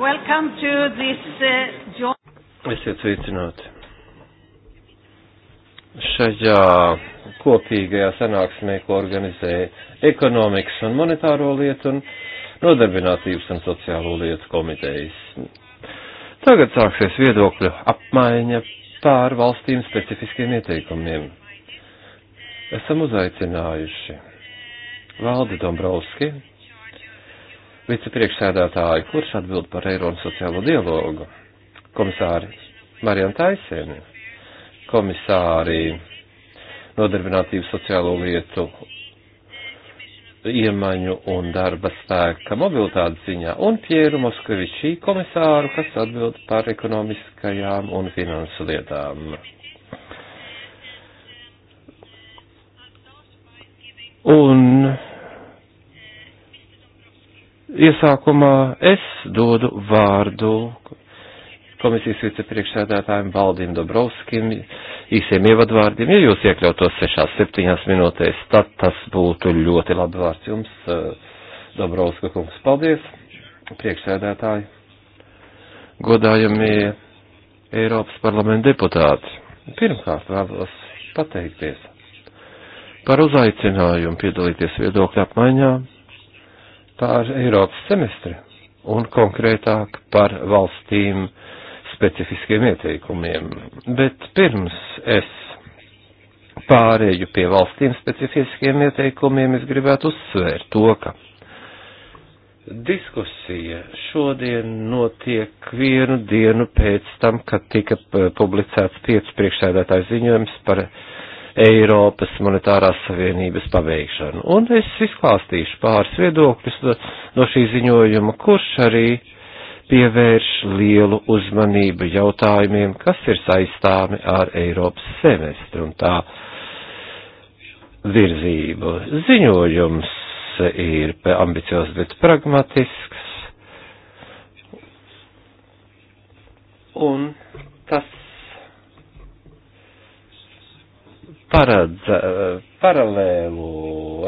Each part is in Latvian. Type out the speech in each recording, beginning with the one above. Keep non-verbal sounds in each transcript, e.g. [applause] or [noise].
Welcome to this uh, Esiet sveicināti. Šajā kopīgajā sanāksmē, ko organizē ekonomikas un monetāro lietu un nodarbinātības un sociālo lietu komitejas. Tagad sāksies viedokļu apmaiņa pār valstīm specifiskiem ieteikumiem. Esam uzaicinājuši Valdi Dombrovski, vicepriekšsēdētāju, kurš atbild par eiro un sociālo dialogu, komisāri Marijan Taisēni, komisāri nodarbinātību sociālo lietu iemaņu un darba spēka mobilitātes ziņā un Pieru Moskavičī komisāru, kas atbild par ekonomiskajām un finansu lietām. Un Iesākumā es dodu vārdu komisijas vicepriekšsēdētājiem Valdim Dobrovskim īsiem ievadvārdiem. Ja jūs iekļautos 6-7 minūtēs, tad tas būtu ļoti labi vārds jums, eh, Dobrovska kungs. Paldies, priekšsēdētāji, godājumie Eiropas parlamenta deputāti. Pirmkārt vēlos pateikties par uzaicinājumu piedalīties viedokļu apmaiņā par Eiropas semestri un konkrētāk par valstīm specifiskiem ieteikumiem. Bet pirms es pārēju pie valstīm specifiskiem ieteikumiem, es gribētu uzsvērt to, ka diskusija šodien notiek vienu dienu pēc tam, kad tika publicēts piec priekšsēdētājs ziņojums par uh, Eiropas monetārās savienības pabeigšanu. Un es izklāstīšu pāris viedokļus no šī ziņojuma, kurš arī pievērš lielu uzmanību jautājumiem, kas ir saistāmi ar Eiropas semestru un tā virzību. Ziņojums ir ambiciozs, bet pragmatisks. Un tas paredz eh, paralēlu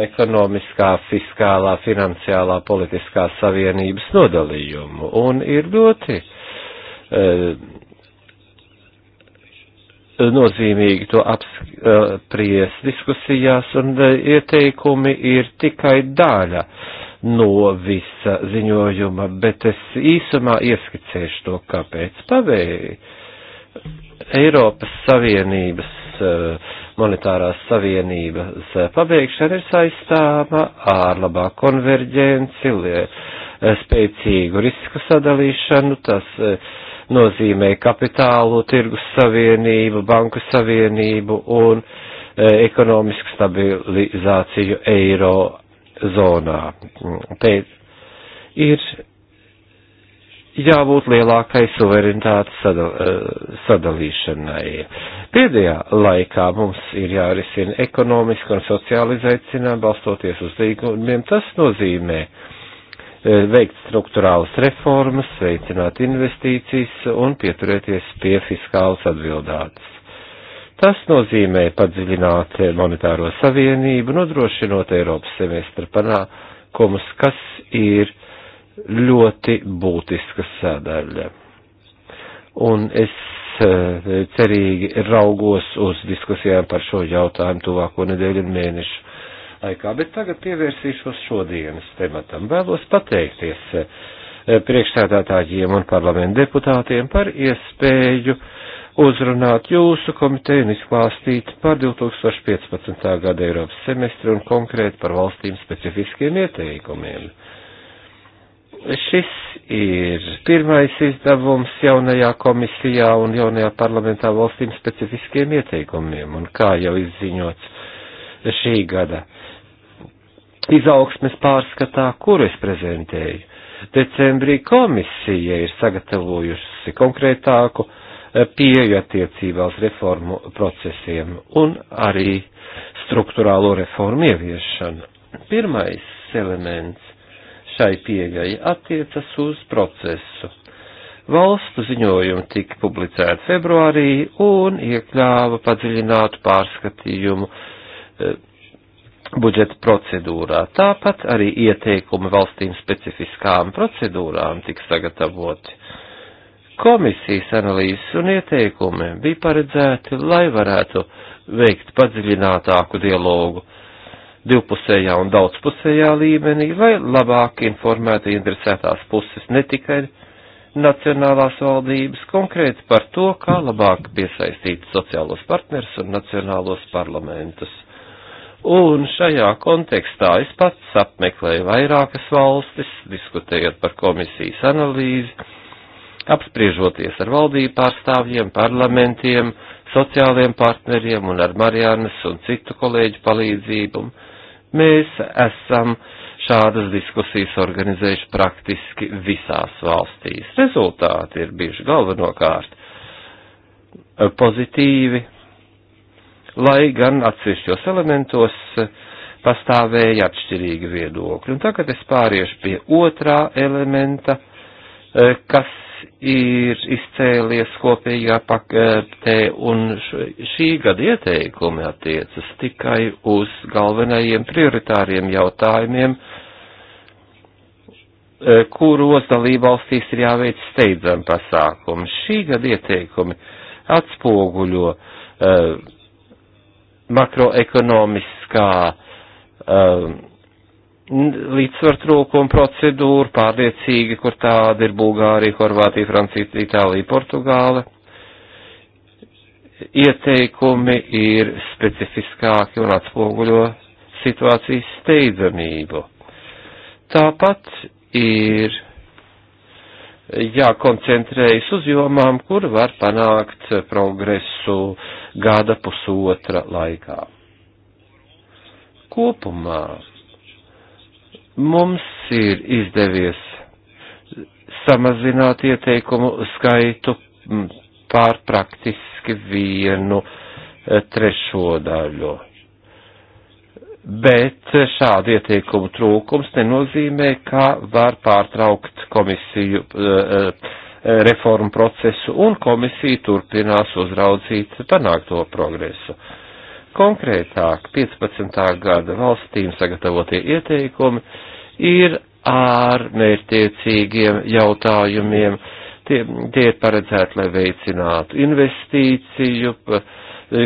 ekonomiskā, fiskālā, finansiālā, politiskā savienības nodalījumu un ir ļoti eh, nozīmīgi to apspries diskusijās, un eh, ieteikumi ir tikai daļa no visa ziņojuma, bet es īsumā ieskicēšu to, kāpēc pavēja Eiropas Savienības uh, monetārās savienības pabeigšana ir saistāma ar labāku konverģenci, spēcīgu risku sadalīšanu, tas e, nozīmē kapitālu, tirgus savienību, banku savienību un e, ekonomisku stabilizāciju eiro zonā. Pēc ir jābūt lielākai suverenitātes sadal, eh, sadalīšanai. Pēdējā laikā mums ir jārisina ekonomiski un sociāli izaicinājumi, balstoties uz līgumiem. Tas nozīmē eh, veikt struktūrālas reformas, veicināt investīcijas un pieturēties pie fiskālas atbildātas. Tas nozīmē padziļināt monetāro savienību, nodrošinot Eiropas semestra panākumus, kas ir ļoti būtiska sadaļa. Un es eh, cerīgi raugos uz diskusijām par šo jautājumu tuvāko nedēļu un mēnešu laikā, bet tagad pievērsīšos šodienas tematam. Vēlos pateikties eh, priekšsēdētājiem un parlamentu deputātiem par iespēju uzrunāt jūsu komiteju un izklāstīt par 2015. gada Eiropas semestri un konkrēti par valstīm specifiskiem ieteikumiem. Šis ir pirmais izdevums jaunajā komisijā un jaunajā parlamentā valstīm specifiskiem ieteikumiem, un kā jau izziņots šī gada izaugsmes pārskatā, kuru es prezentēju. Decembrī komisija ir sagatavojusi konkrētāku eh, pieeju attiecībā uz reformu procesiem un arī struktūrālo reformu ieviešanu. Pirmais elements šai pieejai attiecas uz procesu. Valstu ziņojumi tika publicēti februārī un iekļāva padziļinātu pārskatījumu e, budžeta procedūrā. Tāpat arī ieteikumi valstīm specifiskām procedūrām tika sagatavoti. Komisijas analīzes un ieteikumi bija paredzēti, lai varētu veikt padziļinātāku dialogu divpusējā un daudzpusējā līmenī, lai labāk informētu interesētās puses ne tikai nacionālās valdības konkrēti par to, kā labāk piesaistīt sociālos partners un nacionālos parlamentus. Un šajā kontekstā es pats apmeklēju vairākas valstis, diskutējot par komisijas analīzi, apspriežoties ar valdību pārstāvjiem, parlamentiem, sociāliem partneriem un ar Marianas un citu kolēģu palīdzību. Un Mēs esam šādas diskusijas organizējuši praktiski visās valstīs. Rezultāti ir bijuši galvenokārt pozitīvi, lai gan atsevišķos elementos pastāvēja atšķirīgi viedokļi. Un tagad es pāriešu pie otrā elementa, eh, kas ir izcēlies kopīgā paketē, un šī gada ieteikumi attiecas tikai uz galvenajiem prioritāriem jautājumiem, e, kuros dalībvalstīs ir jāveic steidzami pasākumi. Šī gada ieteikumi atspoguļo uh, makroekonomiskā uh, līdzsvar trūkuma procedūra, pārliecīgi, kur tāda ir Bulgārija, Horvātija, Francija, Itālija, Portugāla. Ieteikumi ir specifiskāki un atspoguļo situācijas steidzamību. Tāpat ir jākoncentrējas uz jomām, kur var panākt progresu gada pusotra laikā. Kopumā Mums ir izdevies samazināt ieteikumu skaitu mm, pār praktiski vienu eh, trešo daļu. Bet šādu ieteikumu trūkums nenozīmē, ka var pārtraukt komisiju eh, eh, reformu procesu un komisija turpinās uzraudzīt panākto progresu. Konkrētāk, 15. gada valstīm sagatavotie ieteikumi ir ar mērķtiecīgiem jautājumiem. Tie, tie ir paredzēti, lai veicinātu investīciju, e,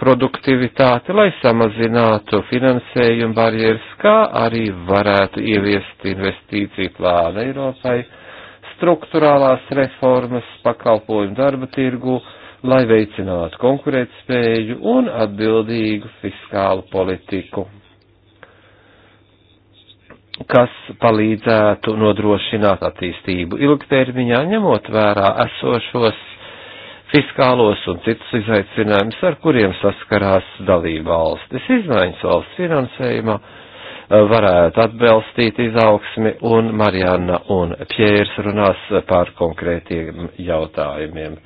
produktivitāti, lai samazinātu finansējumu barjeras, kā arī varētu ieviest investīciju plānu Eiropai, struktūrālās reformas pakalpojumu darba tirgu, uh, lai veicinātu konkurētspēju un atbildīgu fiskālu politiku, kas palīdzētu nodrošināt attīstību ilgtermiņā, ņemot vērā esošos fiskālos un citus izaicinājumus, ar kuriem saskarās dalība valstis. Izmaiņas valsts finansējumā eh, varētu atbalstīt izaugsmi, un Marianna un Pjērs runās par konkrētiem jautājumiem.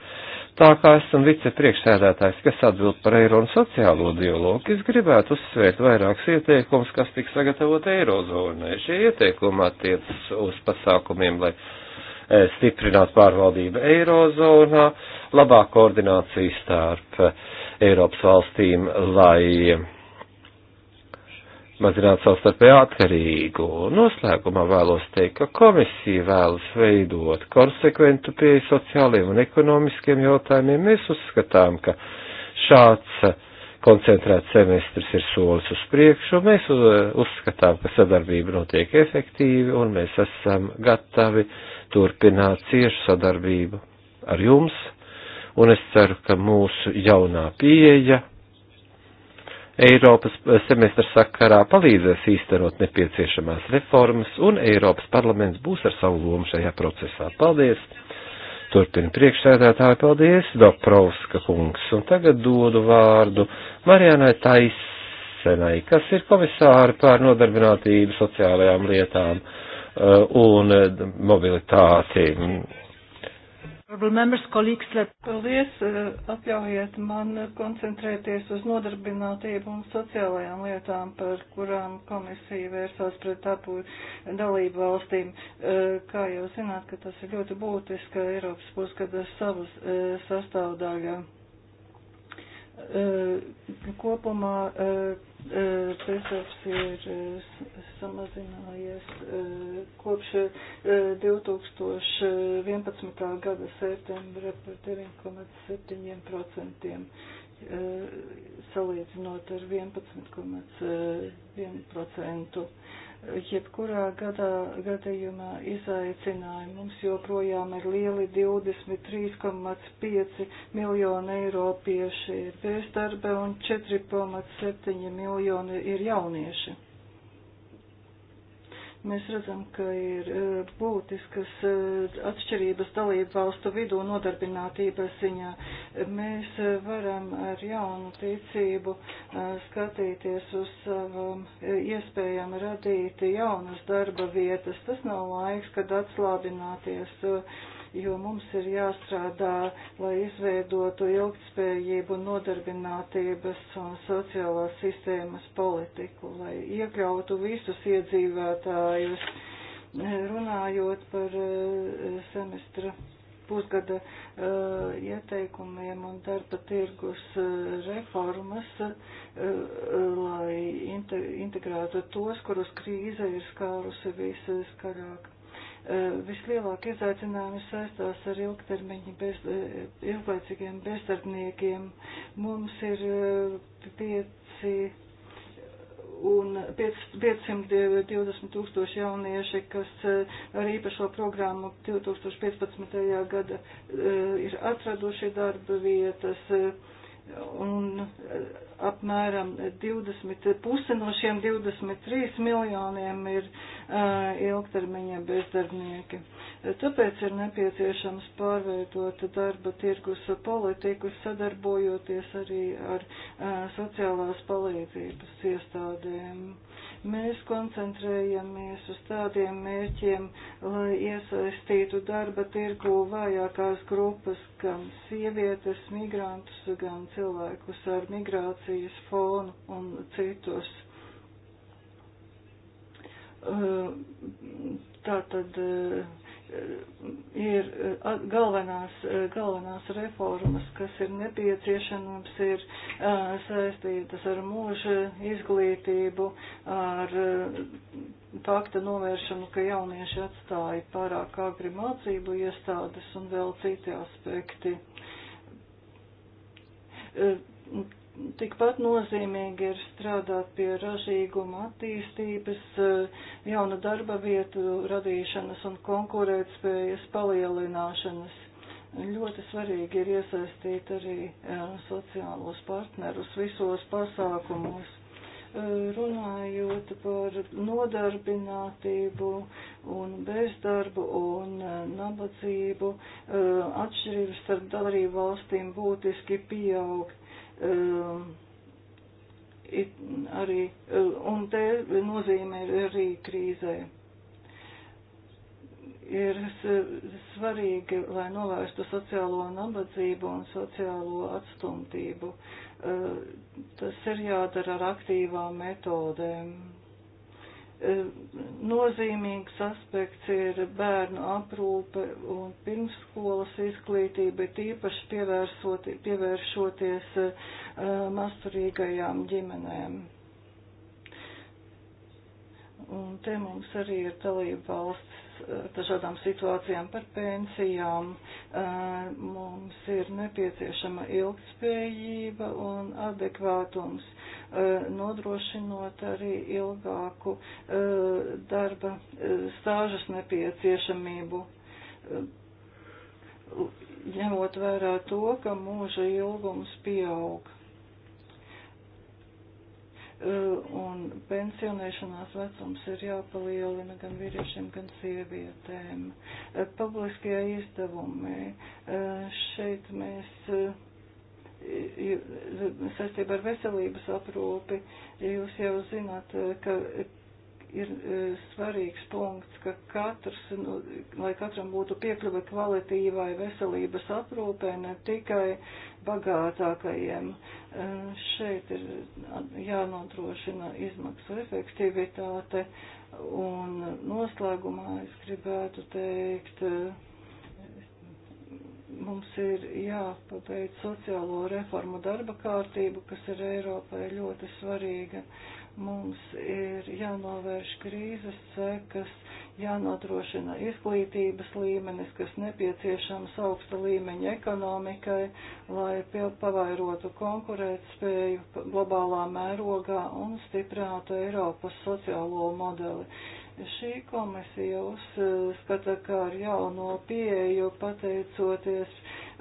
Tā kā esmu vicepriekšsēdētājs, kas atbild par eiro un sociālo dialogu, es gribētu uzsvērt vairākus ieteikumus, kas tiks sagatavot eirozonai. Šie ieteikumi attiecas uz pasākumiem, lai e, stiprināt pārvaldību eirozonā, labāk koordināciju starp Eiropas valstīm, lai mazināt savstarpēju atkarīgu. Noslēgumā vēlos teikt, ka komisija vēlas veidot konsekventu pieeju sociāliem un ekonomiskiem jautājumiem. Mēs uzskatām, ka šāds koncentrēts semestris ir solis uz priekšu, mēs uzskatām, ka sadarbība notiek efektīvi un mēs esam gatavi turpināt ciešu sadarbību ar jums. Un es ceru, ka mūsu jaunā pieeja Eiropas eh, semestra sakarā palīdzēs īstenot nepieciešamās reformas, un Eiropas parlaments būs ar savu lomu šajā procesā. Paldies! Turpina priekšsēdētāji, paldies, Doprovska kungs, un tagad dodu vārdu Marianai Taisenai, kas ir komisāra pār nodarbinātību sociālajām lietām eh, un mobilitāti. Paldies, eh, atļaujiet man koncentrēties uz nodarbinātību un sociālajām lietām, par kurām komisija vērsās pret apu dalību valstīm. Eh, kā jau zināt, ka tas ir ļoti būtiska Eiropas puskada savas eh, sastāvdaļa. Kopumā Pesovs ir samazinājies kopš 2011. gada septembra par 9,7% salīdzinot ar 11,1% jebkurā gadā, gadījumā izaicinājumi mums joprojām ir lieli 23,5 miljoni eiropieši ir bezdarbe un 4,7 miljoni ir jaunieši. Mēs redzam, ka ir būtiskas e, e, atšķirības dalību valstu vidū nodarbinātības ziņā. Mēs e, varam ar jaunu ticību skatīties uz savam iespējām radīt jaunas darba vietas. Tas nav laiks, kad atslābināties jo mums ir jāstrādā, lai izveidotu ilgtspējību, nodarbinātības un sociālās sistēmas politiku, lai iekļautu visus iedzīvotājus, runājot par eh, semestra pusgada uh, ieteikumiem un darba tirgus uh, reformas, uh, lai integrētu tos, kurus krīze ir skārusi viskaļāk. Eh, vislielākie izaicinājumi saistās ar ilgtermiņa bez, eh, ilglaicīgiem bezdarbniekiem. Mums ir eh, pieci un 520 tūkstoši jaunieši, kas ar īpašo programmu 2015. gada ir atraduši darba vietas un eh, apmēram 20, puse no šiem 23 miljoniem ir uh, ilgtermiņa bezdarbnieki. Eh, tāpēc ir nepieciešams pārveidot darba tirgus politiku, sadarbojoties arī ar uh, sociālās palīdzības iestādēm. Uh, Mēs koncentrējamies uz tādiem mērķiem, lai iesaistītu darba tirgu vājākās grupas, gan sievietes, migrantus, gan cilvēkus ar migrācijas fonu un citus. Tātad. Uh, ir eh, galvenās, eh, galvenās reformas, kas ir nepieciešams, ir eh, saistītas ar mūža izglītību, ar fakta novēršanu, ka jaunieši atstāja pārāk agri mācību iestādes un vēl citi aspekti Tikpat nozīmīgi ir strādāt pie ražīguma attīstības, jauna darba vietu radīšanas un konkurētspējas palielināšanas. Ļoti svarīgi ir iesaistīt arī e, sociālos partnerus visos pasākumos. E, runājot par nodarbinātību un bezdarbu un e, nabadzību, atšķirības starp dalību valstīm būtiski pieaug Eh, arī, eh, un te nozīme ir arī krīzē. Ir svarīgi, lai novērstu sociālo nabadzību un sociālo atstumtību. Eh, tas ir jādara ar aktīvām metodēm, Nozīmīgs aspekts ir bērnu aprūpe un pirmsskolas izglītība, tīpaši pievēršoties eh, masturīgajām ģimenēm. Un te mums arī ir dalība valsts eh, dažādām situācijām par pensijām. Eh, mums ir nepieciešama ilgspējība un adekvātums. E, nodrošinot arī ilgāku e, darba e, stāžas nepieciešamību ņemot vērā to, ka mūža ilgums pieaug. Un pensionēšanās vecums ir jāpalielina gan vīriešiem, gan sievietēm. Publiskie izdevumi. Šeit mēs saistībā ar veselības aprūpi, jūs jau zināt, ka ir e, svarīgs punkts, ka katrs, nu, lai katram būtu piekļuve kvalitīvai veselības aprūpē, ne tikai bagātākajiem. E, šeit ir jānodrošina izmaksu efektivitāte un noslēgumā es gribētu teikt, Mums ir jāpabeidz sociālo reformu darba kārtību, kas ir Eiropai ļoti svarīga. Mums ir jānovērš krīzes sekas, jānodrošina izglītības līmenis, kas nepieciešams augsta līmeņa ekonomikai, lai pavairotu konkurētspēju globālā mērogā un stiprinātu Eiropas sociālo modeli Šī komisija uzskata, ka ar jauno pieeju pateicoties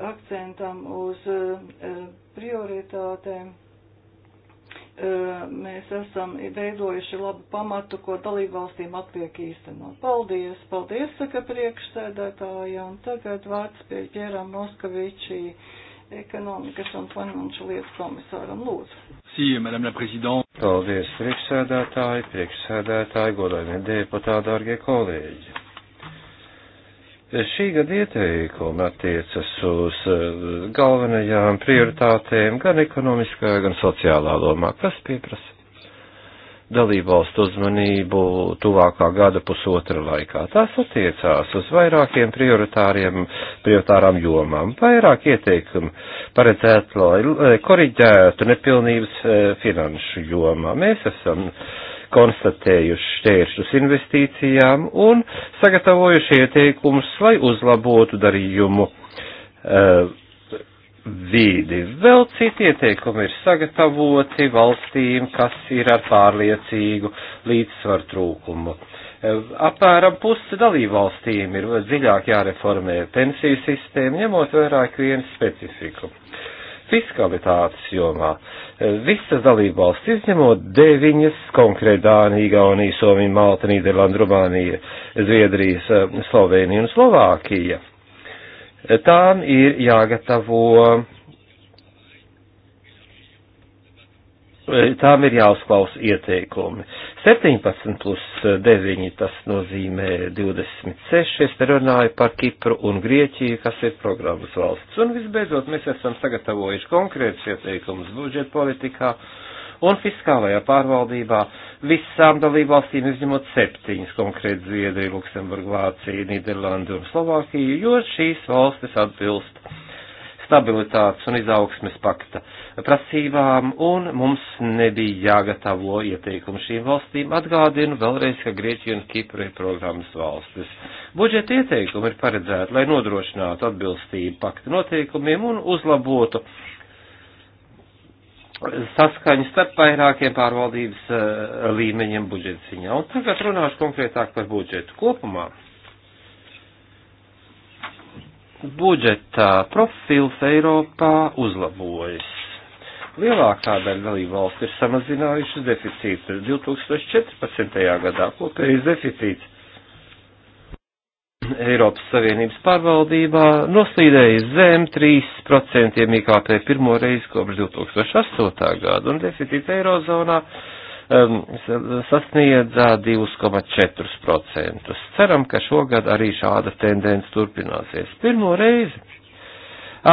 akcentam uz eh, prioritātēm eh, mēs esam veidojuši labu pamatu, ko dalībvalstīm atliek īstenot. Paldies, paldies, saka priekšsēdētāja, un tagad vārds pie ķērām Moskavičī ekonomikas un finanšu lietu komisāram Lūdzu. Merci, Madame la Présidente. Paldies, priekšsēdētāji, priekšsēdētāji, godājumie deputāti, dārgie kolēģi. Šī gada ieteikuma attiecas uz eh, galvenajām prioritātēm gan ekonomiskajā, gan sociālā lomā, kas pieprasa dalībvalstu uzmanību tuvākā gada pusotra laikā. Tas attiecās uz vairākiem prioritārām jomām. Vairāk ieteikumu paredzēt, lai koriģētu nepilnības e, finanšu jomā. Mēs esam konstatējuši šķēršļus investīcijām un sagatavojuši ieteikumus, lai uzlabotu darījumu uh, vīdi. Vēl citi ieteikumi ir sagatavoti valstīm, kas ir ar pārliecīgu līdzsvaru trūkumu. E, apmēram pusi dalību valstīm ir dziļāk jāreformē pensiju sistēma, ņemot vairāk vienu specifiku. Fiskalitātes jomā e, visas dalību valsts izņemot deviņas konkrēt Dānija, Igaunija, Somija, Malta, Nīderlanda, Rumānija, Zviedrija, Slovenija un Slovākija Tām ir jāgatavo, tām ir jāuzklaus ieteikumi. 17 plus 9 tas nozīmē 26, es te runāju par Kipru un Grieķiju, kas ir programmas valsts. Un visbeidzot, mēs esam sagatavojuši konkrētus ieteikumus budžeta politikā. Uh, un fiskālajā pārvaldībā visām dalībvalstīm izņemot septiņas konkrēti Zviedriju, Luksemburgu, Vāciju, Nīderlandi un Slovākiju, jo šīs valstis atbilst stabilitātes un izaugsmes pakta prasībām, un mums nebija jāgatavo ieteikumu šīm valstīm. Atgādinu vēlreiz, ka Grieķija un Kipra ir programmas valstis. Budžeta ieteikumi ir paredzēti, lai nodrošinātu atbilstību pakta noteikumiem un uzlabotu saskaņu starp vairākiem pārvaldības eh, līmeņiem budžeta ziņā. Un tagad runāšu konkrētāk par budžetu kopumā. Budžeta profils Eiropā uzlabojas. Lielākā daļa dalību valsts ir samazinājušas deficītu 2014. gadā, kopējais deficīts Eiropas Savienības pārvaldībā noslīdējis zem 3% IKP pirmo reizi kopš 2008. gada, un deficīts Eirozonā um, sasniedzā 2,4%. Ceram, ka šogad arī šāda tendence turpināsies. Pirmo reizi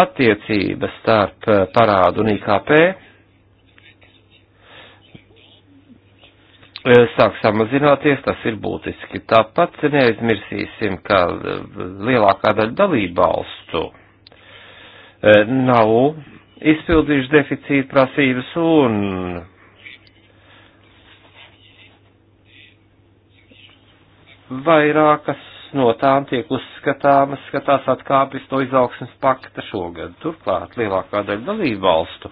attiecība starp uh, parādu un IKP E, sāk samazināties, tas ir būtiski. Tāpat neaizmirsīsim, ka e, lielākā daļa dalībvalstu e, nav izpildījuši deficīta prasības un vairākas no tām tiek uzskatāmas, skatās atkāpjas no izaugsmas pakta šogad. Turklāt lielākā daļa dalībvalstu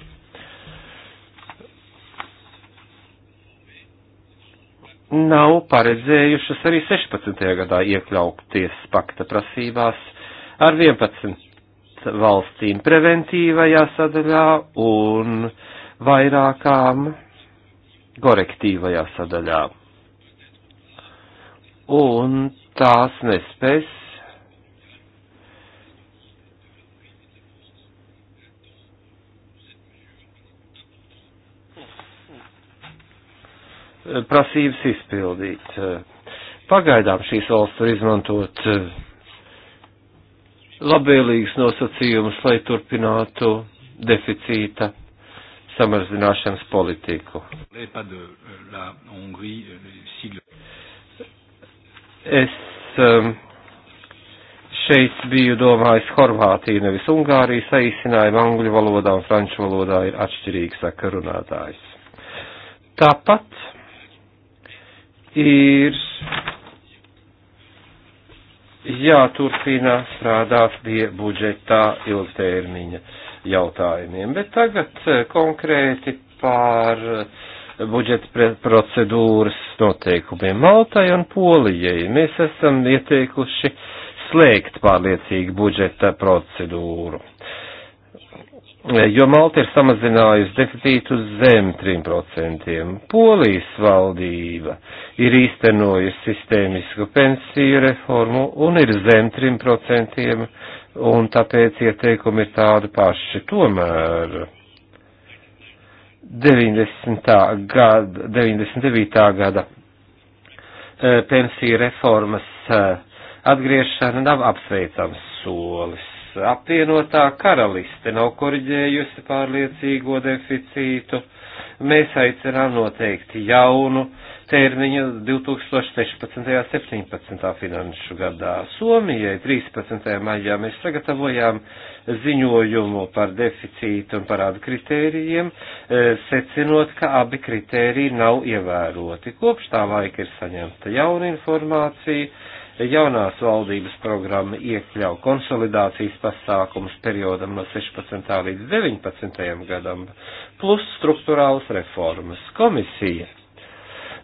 nav paredzējušas arī 16. gadā iekļauties pakta prasībās ar 11 valstīm preventīvajā sadaļā un vairākām korektīvajā sadaļā. Un tās nespēs prasības izpildīt. Pagaidām šīs valsts var izmantot eh, labvēlīgas nosacījumus, lai turpinātu deficīta samazināšanas politiku. Euh, euh, es ehm, šeit biju domājis Horvātiju, nevis Ungāriju, saīsinājumu angļu valodā un franču valodā ir atšķirīgs sakarunātājs. Tāpat ir jāturpina strādāt pie budžetā ilgtermiņa jautājumiem. Bet tagad eh, konkrēti par eh, budžeta procedūras noteikumiem Maltai un Polijai. Mēs esam ieteikuši slēgt pārliecīgu budžeta procedūru jo Malta ir samazinājusi deficītu zem 3%. Polijas valdība ir īstenojusi sistēmisku pensiju reformu un ir zem 3%, un tāpēc ieteikumi ir tādi paši. Tomēr 90. Gada, 99. gada eh, pensiju reformas eh, atgriešana nav apsveicams solis apvienotā karaliste nav koriģējusi pārliecīgo deficītu. Mēs aicinām noteikti jaunu termiņu 2016. un 17. finanšu gadā. Somijai 13. maijā mēs sagatavojām ziņojumu par deficītu un parādu kritērijiem, e, secinot, ka abi kritēriji nav ievēroti. Kopš tā laika ir saņemta jauna informācija Jaunās valdības programma iekļauj konsolidācijas pasākumus periodam no 16. līdz 19. gadam, plus struktūrālas reformas. Komisija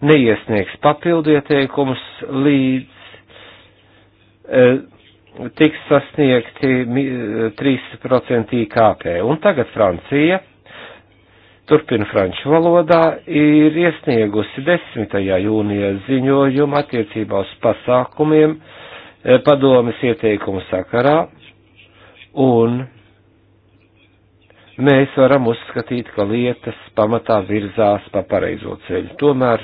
neiesniegs papildieteikumus līdz e, tiks sasniegti 3% e, IKP. Un tagad Francija turpina franču valodā, ir iesniegusi 10. jūnija ziņojumu attiecībā uz pasākumiem eh, padomis ieteikumu sakarā, un mēs varam uzskatīt, ka lietas pamatā virzās pa pareizo ceļu. Tomēr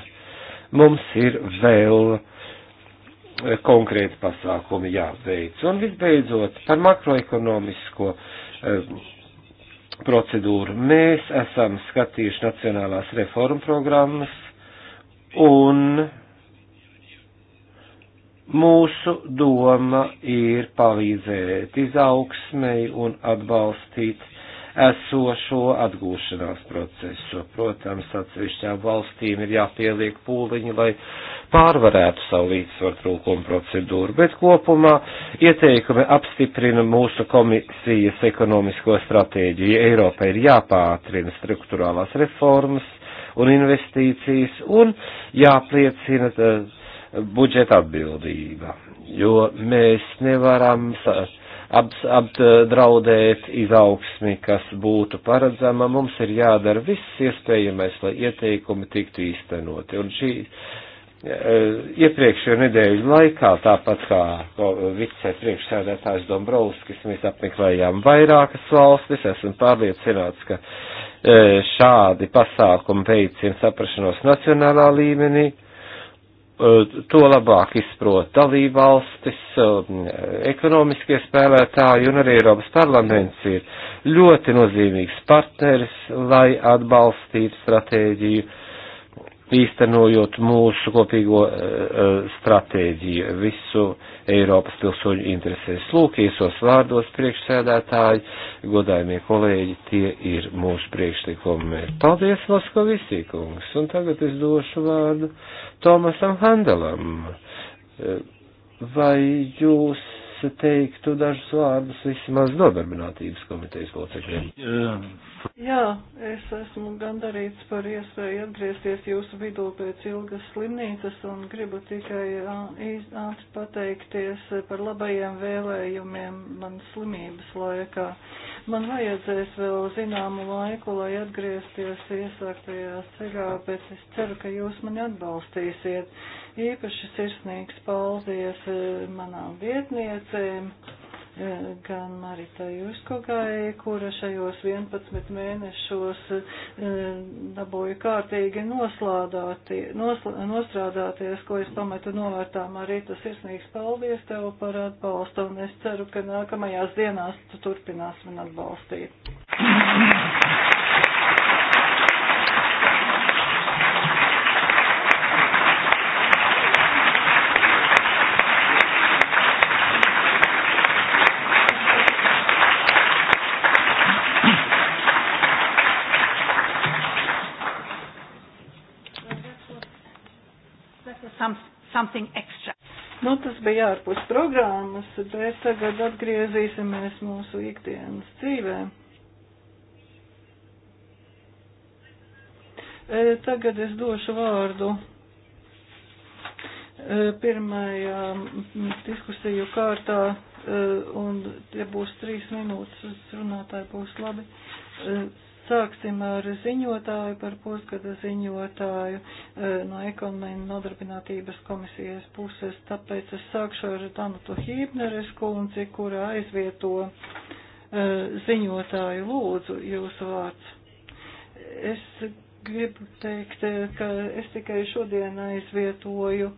mums ir vēl eh, konkrēti pasākumi jāveic. Un visbeidzot, par makroekonomisko um, procedūru. Mēs esam skatījuši nacionālās reformu programmas un mūsu doma ir palīdzēt izaugsmei un atbalstīt esošo atgūšanās procesu. Protams, atsevišķām valstīm ir jāpieliek pūliņi, lai pārvarētu savu līdzsvaru trūkumu procedūru, bet kopumā ieteikumi apstiprina mūsu komisijas ekonomisko stratēģiju. Eiropai ir jāpātrina struktūrālās reformas un investīcijas un jāpliecina eh, budžeta atbildība, jo mēs nevaram. Sa, apdraudēt izaugsmi, kas būtu paredzama. Mums ir jādara viss iespējamais, lai ieteikumi tiktu īstenoti. Un šī e, iepriekšējo nedēļu laikā, tāpat kā vicē priekšsēdētājs Dombrovskis, mēs apmeklējām vairākas valstis, esam pārliecināts, ka e, šādi pasākumi veicina saprašanos nacionālā līmenī Eh, to labāk izprot dalībvalstis, eh, ekonomiskie spēlētāji un arī Eiropas parlaments ir ļoti nozīmīgs partneris, lai atbalstītu stratēģiju, īstenojot mūsu kopīgo eh, stratēģiju visu uh, Eiropas pilsoņu interesēs. Lūk, īsos vārdos priekšsēdētāji, godājumie kolēģi, tie ir mūsu priekšlikumi. Paldies, Moskovisī kungs, un tagad es došu vārdu Tomasam Handelam. Vai jūs teiktu dažus vārdus vismaz nodarbinātības komitejas locekļiem. Jā, es esmu gandarīts par iespēju atgriezties jūsu vidū pēc ilgas slimnīcas un gribu tikai īsti pateikties par labajiem vēlējumiem man slimības laikā. Man vajadzēs vēl zināmu laiku, lai atgriezties iesāktajā ceļā, bet es ceru, ka jūs mani atbalstīsiet. Īpaši sirsnīgs paldies e, manām vietniecēm, e, gan Marita Juskogai, kura šajos 11 mēnešos e, dabūja kārtīgi nosl, nostrādāties, ko es pametu novērtā. Marita, sirsnīgs paldies tev par atbalstu, un es ceru, ka nākamajās dienās tu turpinās man atbalstīt. Thank you. something extra. Nu, tas bija ārpus programmas, bet tagad atgriezīsimies mūsu ikdienas dzīvē. E, tagad es došu vārdu e, pirmajā diskusiju kārtā, e, un ja būs trīs minūtes, runātāji būs labi. Sāksim ar ziņotāju par pusgada ziņotāju eh, no ekonomēna nodarbinātības komisijas puses, tāpēc es sākšu ar Danutu Hībneres kundzi, kura aizvieto eh, ziņotāju lūdzu jūsu vārds. Es gribu teikt, eh, ka es tikai šodien aizvietoju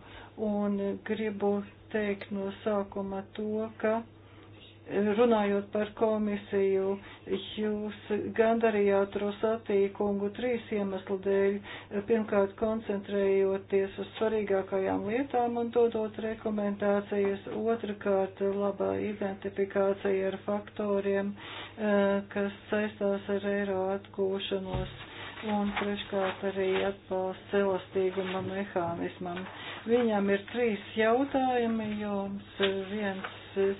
un gribu teikt no sākuma to, ka Runājot par komisiju, jūs gandarījāt Rosatīkungu trīs iemeslu dēļ. Pirmkārt, koncentrējoties uz svarīgākajām lietām un dodot rekomendācijas. Otrakārt, labā identifikācija ar faktoriem, eh, kas saistās ar eiro atgūšanos un treškārt arī atbalsts elastīguma mehānismam. Viņam ir trīs jautājumi jums. Viens Eh,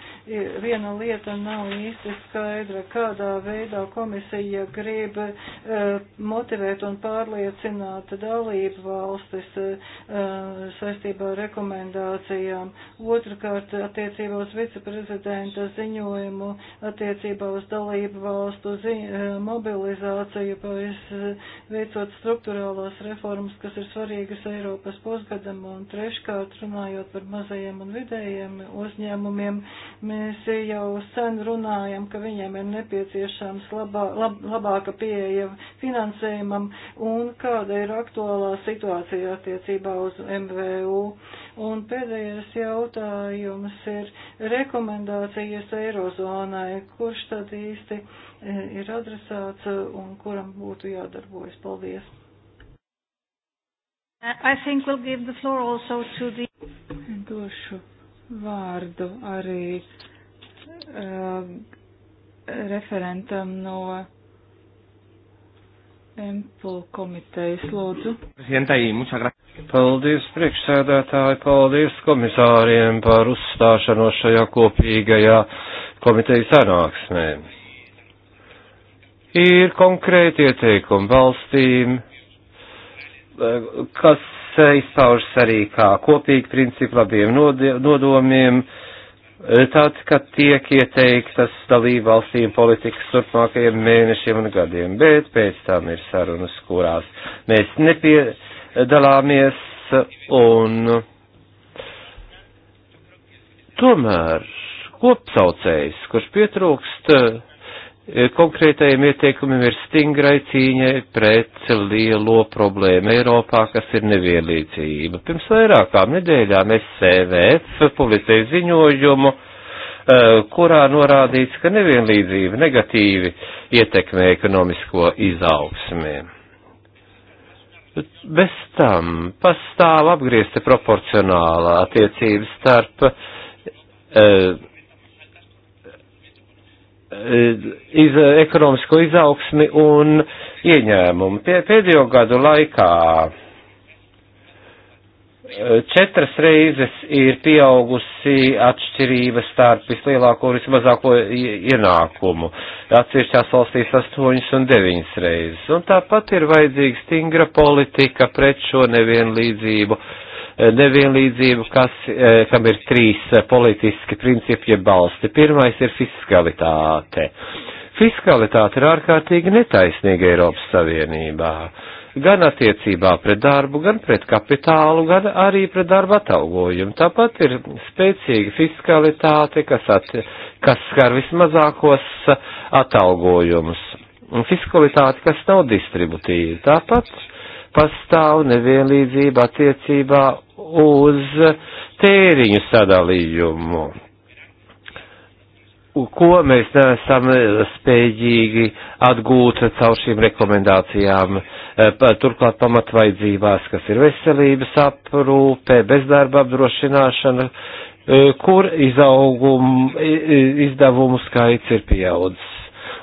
viena lieta nav īsti skaidra, kādā veidā komisija grib eh, motivēt un pārliecināt dalību valstis eh, saistībā ar rekomendācijām. Otrakārt, attiecībā uz viceprezidenta ziņojumu, attiecībā uz dalību valstu mobilizāciju, veicot struktūrālās reformas, kas ir svarīgas Eiropas pusgadam, un treškārt runājot par mazajiem un vidējiem uzņēmumiem, Mēs jau sen runājam, ka viņiem ir nepieciešams labā, lab, labāka pieeja finansējumam un kāda ir aktuālā situācija attiecībā uz MVU. Un pēdējais jautājums ir rekomendācijas Eirozonai, kurš tad īsti e, ir adresāts un kuram būtu jādarbojas. Paldies! I think we'll give the floor also to the... Došu vārdu arī uh, referentam no Empul komitejas lūdzu. Paldies priekšsēdētāji, paldies komisāriem par uzstāšanos šajā kopīgajā komitejas sanāksmē. Ir konkrēti ieteikumi valstīm, eh, kas izpaužas arī kā kopīgi principi labiem nodomiem, e, tad, kad tiek ieteiktas dalību valstīm politikas turpmākajiem mēnešiem un gadiem, bet pēc tam ir sarunas, kurās mēs nepiedalāmies un tomēr kopsaucējs, kurš pietrūkst Eh, konkrētajiem ieteikumiem ir stingrai cīņai pret lielo problēmu Eiropā, kas ir nevienlīdzība. Pirms vairākām nedēļām SCVF publicēja ziņojumu, eh, kurā norādīts, ka nevienlīdzība negatīvi ietekmē ekonomisko izaugsmē. Bez tam pastāv apgriezta proporcionālā attiecības starp uh, Eh, iz, ekonomisko izaugsmi un ieņēmumu. Pie, pēdējo gadu laikā eh, četras reizes ir pieaugusi atšķirība starp vislielāko un vismazāko ienākumu. Atsevišķās valstīs astoņas un deviņas reizes. Un tāpat ir vajadzīga stingra politika pret šo nevienlīdzību. Uh, nevienlīdzību, kas, e, kam ir trīs e, politiski principi balsti. Pirmais ir fiskalitāte. Fiskalitāte ir ārkārtīgi netaisnīga Eiropas Savienībā. Gan attiecībā pret darbu, gan pret kapitālu, gan arī pret darba atalgojumu. Tāpat ir spēcīga fiskalitāte, kas, at, kas skar vismazākos atalgojumus. Un fiskalitāte, kas nav distributīva. Tāpat pastāv nevienlīdzība attiecībā uz tēriņu sadalījumu, ko mēs neesam eh, spējīgi atgūt caur šīm rekomendācijām. Eh, turklāt pamatvaidzībās, kas ir veselības aprūpe, bezdarba apdrošināšana, eh, kur izaugum, izdevumu skaits ir pieaudzis.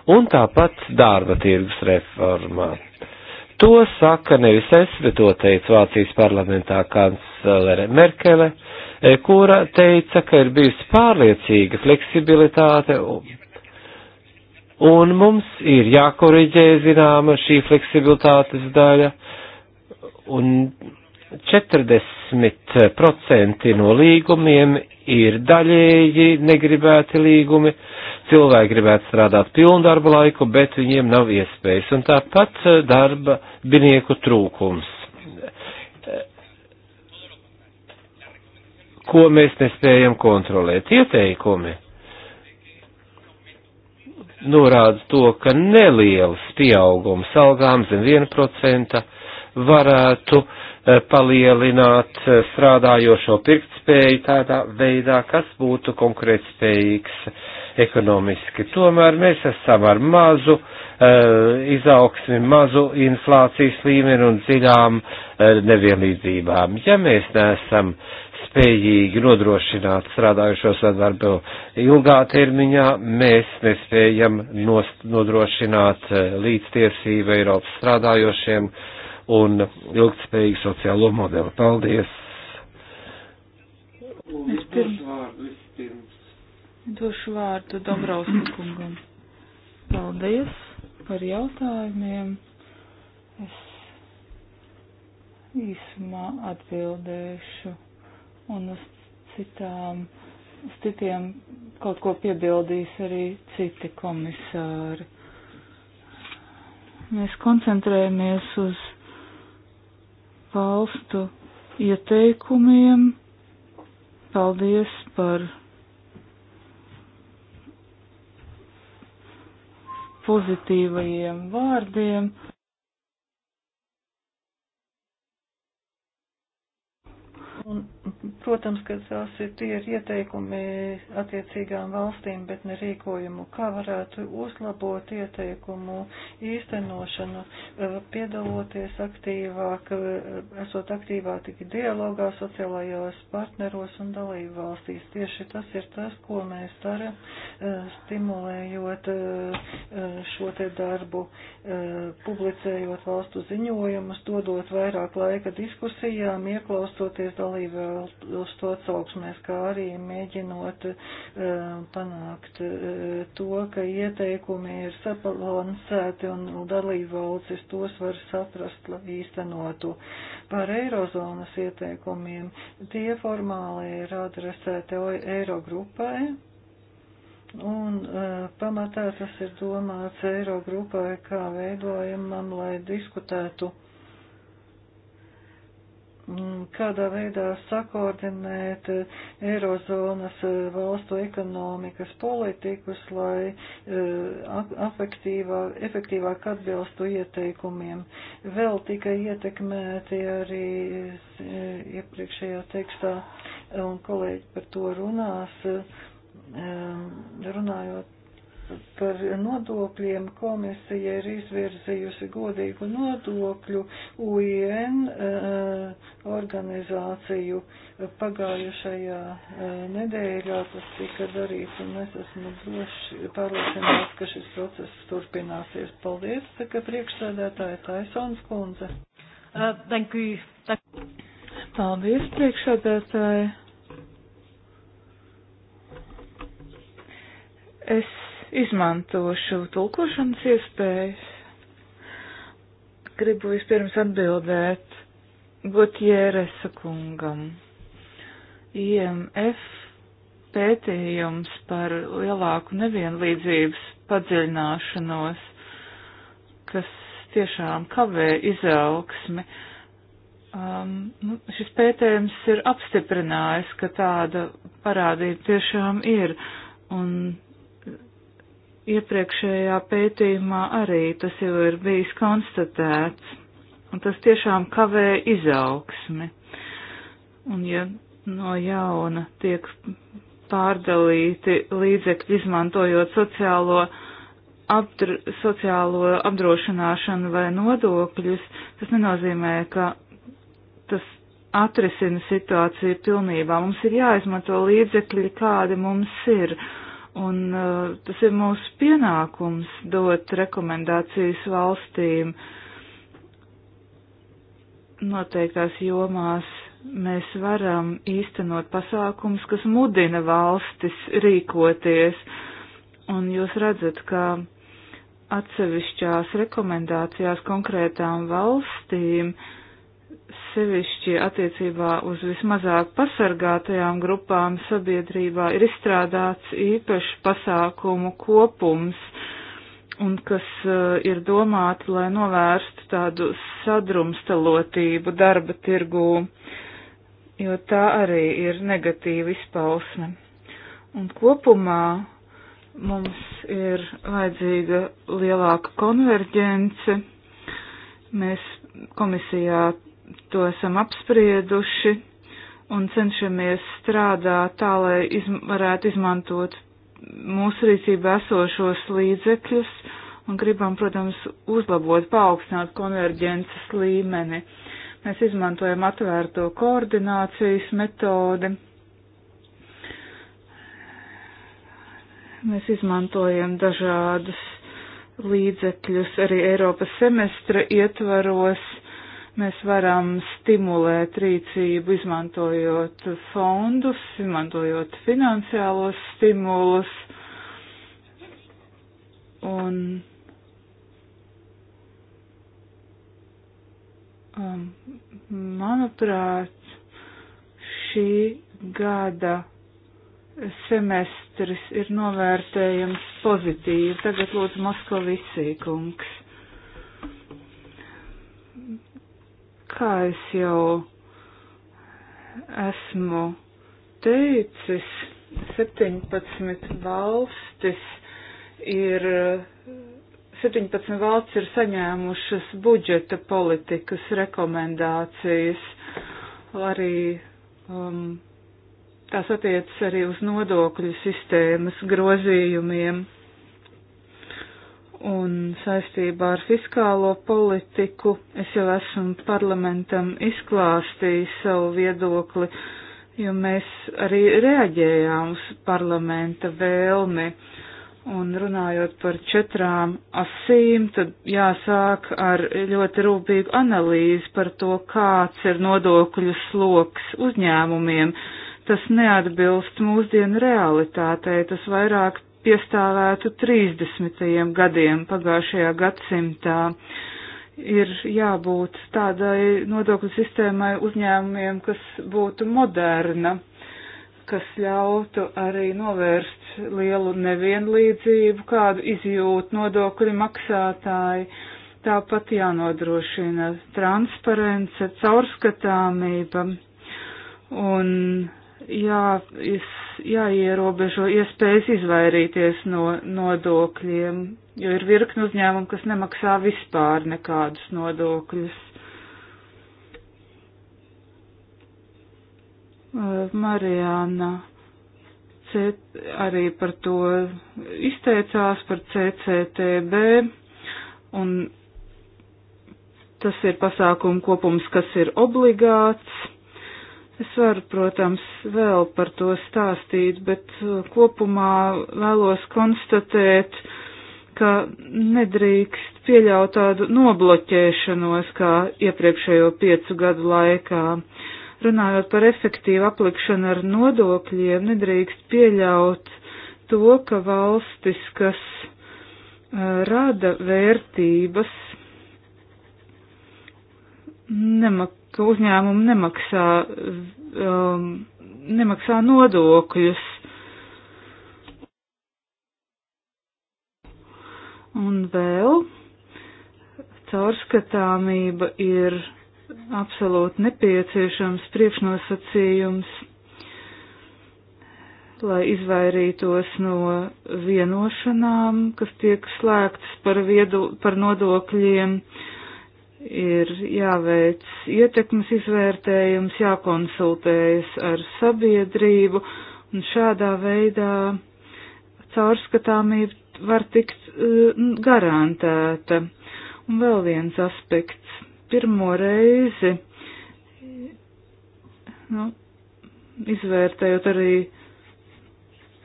Un tāpat darba tirgus reformā. To saka nevis es, bet to teica Vācijas parlamentā kanclere Merkele, e, kura teica, ka ir bijusi pārliecīga fleksibilitāte un mums ir jākoriģē zināma šī fleksibilitātes daļa un 40% no līgumiem ir daļēji negribēti līgumi, cilvēki gribētu strādāt pilndarba laiku, bet viņiem nav iespējas, un tāpat eh, darba binieku trūkums, eh, ko mēs nespējam kontrolēt. Ieteikumi norāda to, ka neliels pieaugums algām zem 1% varētu uh, Eh, palielināt eh, strādājošo pirktspēju tādā veidā, kas būtu konkurētspējīgs ekonomiski. Tomēr mēs esam ar mazu uh, izaugsmi, mazu inflācijas līmeni un dziļām uh, nevienlīdzībām. Ja mēs neesam spējīgi nodrošināt strādājušos darbu ilgā termiņā, mēs nespējam nost, nodrošināt uh, līdztiesību Eiropas strādājošiem uh, un ilgtspējīgu sociālo modeli. Paldies! Es pirms došu vārdu Dobrausnikungam. Paldies par jautājumiem. Es īsumā atbildēšu un uz citām, uz citiem kaut ko piebildīs arī citi komisāri. Mēs koncentrējamies uz valstu ieteikumiem. Paldies par pozitīvajiem vārdiem. Un Protams, ka tās ir tie ir ieteikumi attiecīgām valstīm, bet ne rīkojumu. Kā varētu uzlabot ieteikumu īstenošanu, eh, piedaloties aktīvāk, eh, esot aktīvāk dialogā, sociālajos partneros un dalību valstīs. Tieši tas ir tas, ko mēs darām, eh, stimulējot šo te darbu, publicējot valstu ziņojumus, dodot vairāk laika diskusijām, ieklausoties dalību uz to atsauksmēs, kā arī mēģinot eh, panākt eh, to, ka ieteikumi ir sabalansēti un dalībvalstis tos var saprast, lai īstenotu. Par eirozonas ieteikumiem tie formāli ir adresēti eirogrupai. Un uh, pamatā tas ir domāts Eirogrupai kā veidojumam, lai diskutētu uh, Mm, kādā veidā sakoordinēt eh, Eirozonas eh, valstu ekonomikas politikus, lai efektīvāk, eh, efektīvāk atbilstu ieteikumiem. Vēl tika ietekmēti arī iepriekšējā tekstā, un kolēģi par to runās, runājot par nodokļiem komisija ir izvirzījusi godīgu nodokļu UN eh, organizāciju pagājušajā eh, nedēļā. Tas tika darīts un es esmu droši pārliecināts, ka šis process turpināsies. Paldies, saka priekšsēdētāja Taisons kundze. Uh, Paldies, priekšsēdētāji. Es izmantošu tulkošanas iespējas. Gribu vispirms atbildēt Gutieresa kungam. IMF pētījums par lielāku nevienlīdzības padziļināšanos, kas tiešām kavē izaugsmi. Um, nu, šis pētījums ir apstiprinājis, ka tāda parādība tiešām ir, un iepriekšējā pētījumā arī tas jau ir bijis konstatēts, un tas tiešām kavē izaugsmi. Un ja no jauna tiek pārdalīti līdzekļi izmantojot sociālo, apdr sociālo apdrošināšanu vai nodokļus, tas nenozīmē, ka tas atrisina situāciju pilnībā. Mums ir jāizmanto līdzekļi, kādi mums ir Un uh, tas ir mūsu pienākums dot rekomendācijas valstīm. Noteiktās jomās mēs varam īstenot pasākums, kas mudina valstis rīkoties. Un jūs redzat, ka atsevišķās rekomendācijās konkrētām valstīm uh, sevišķi attiecībā uz vismazāk pasargātajām grupām sabiedrībā ir izstrādāts īpašs pasākumu kopums, un kas uh, ir domāti, lai novērstu tādu sadrumstalotību darba tirgū, jo tā arī ir negatīva izpausme. Un kopumā mums ir vajadzīga lielāka konverģence. Mēs komisijā to esam apsprieduši un cenšamies strādāt tā, lai izm varētu izmantot mūsu rīcībā esošos līdzekļus un gribam, protams, uzlabot, paaugstināt konverģences līmeni. Mēs izmantojam atvērto koordinācijas metodi. Mēs izmantojam dažādus līdzekļus arī Eiropas semestra ietvaros Mēs varam stimulēt rīcību, izmantojot fondus, izmantojot finansiālos stimulus. Un um, manuprāt, šī gada semestris ir novērtējams pozitīvi. Tagad lūdzu Moskovisī kungs. Kā es jau esmu teicis, 17 valstis ir, 17 valsts ir saņēmušas budžeta politikas rekomendācijas, arī um, tās attiecas arī uz nodokļu sistēmas grozījumiem. Un saistībā ar fiskālo politiku es jau esmu parlamentam izklāstījis savu viedokli, jo mēs arī reaģējām uz parlamenta vēlmi. Un runājot par četrām asīm, tad jāsāk ar ļoti rūpīgu analīzi par to, kāds ir nodokļu sloks uzņēmumiem. Tas neatbilst mūsdienu realitātei, tas vairāk piestāvētu 30. gadiem pagājušajā gadsimtā. Ir jābūt tādai nodokļu sistēmai uzņēmumiem, kas būtu moderna, kas ļautu arī novērst lielu nevienlīdzību, kādu izjūt nodokļu maksātāji. Tāpat jānodrošina transparence, caurskatāmība un jā, jāierobežo iespējas izvairīties no nodokļiem, jo ir virkni uzņēmumi, kas nemaksā vispār nekādus nodokļus. Eh, Marijāna arī par to izteicās, par CCTB, un tas ir pasākumu kopums, kas ir obligāts Es varu, protams, vēl par to stāstīt, bet uh, kopumā vēlos konstatēt, ka nedrīkst pieļaut tādu nobloķēšanos kā iepriekšējo piecu gadu laikā. Runājot par efektīvu aplikšanu ar nodokļiem, nedrīkst pieļaut to, ka valstis, kas uh, rada vērtības, nemak ka uzņēmumi nemaksā, um, nemaksā nodokļus. Un vēl caurskatāmība ir absolūti nepieciešams priekšnosacījums, lai izvairītos no vienošanām, kas tiek slēgtas par, viedu, par nodokļiem. Uh, ir jāveic ietekmes izvērtējums, jākonsultējas ar sabiedrību, un šādā veidā caurskatāmība var tikt uh, garantēta. Un vēl viens aspekts. Pirmo reizi, nu, izvērtējot arī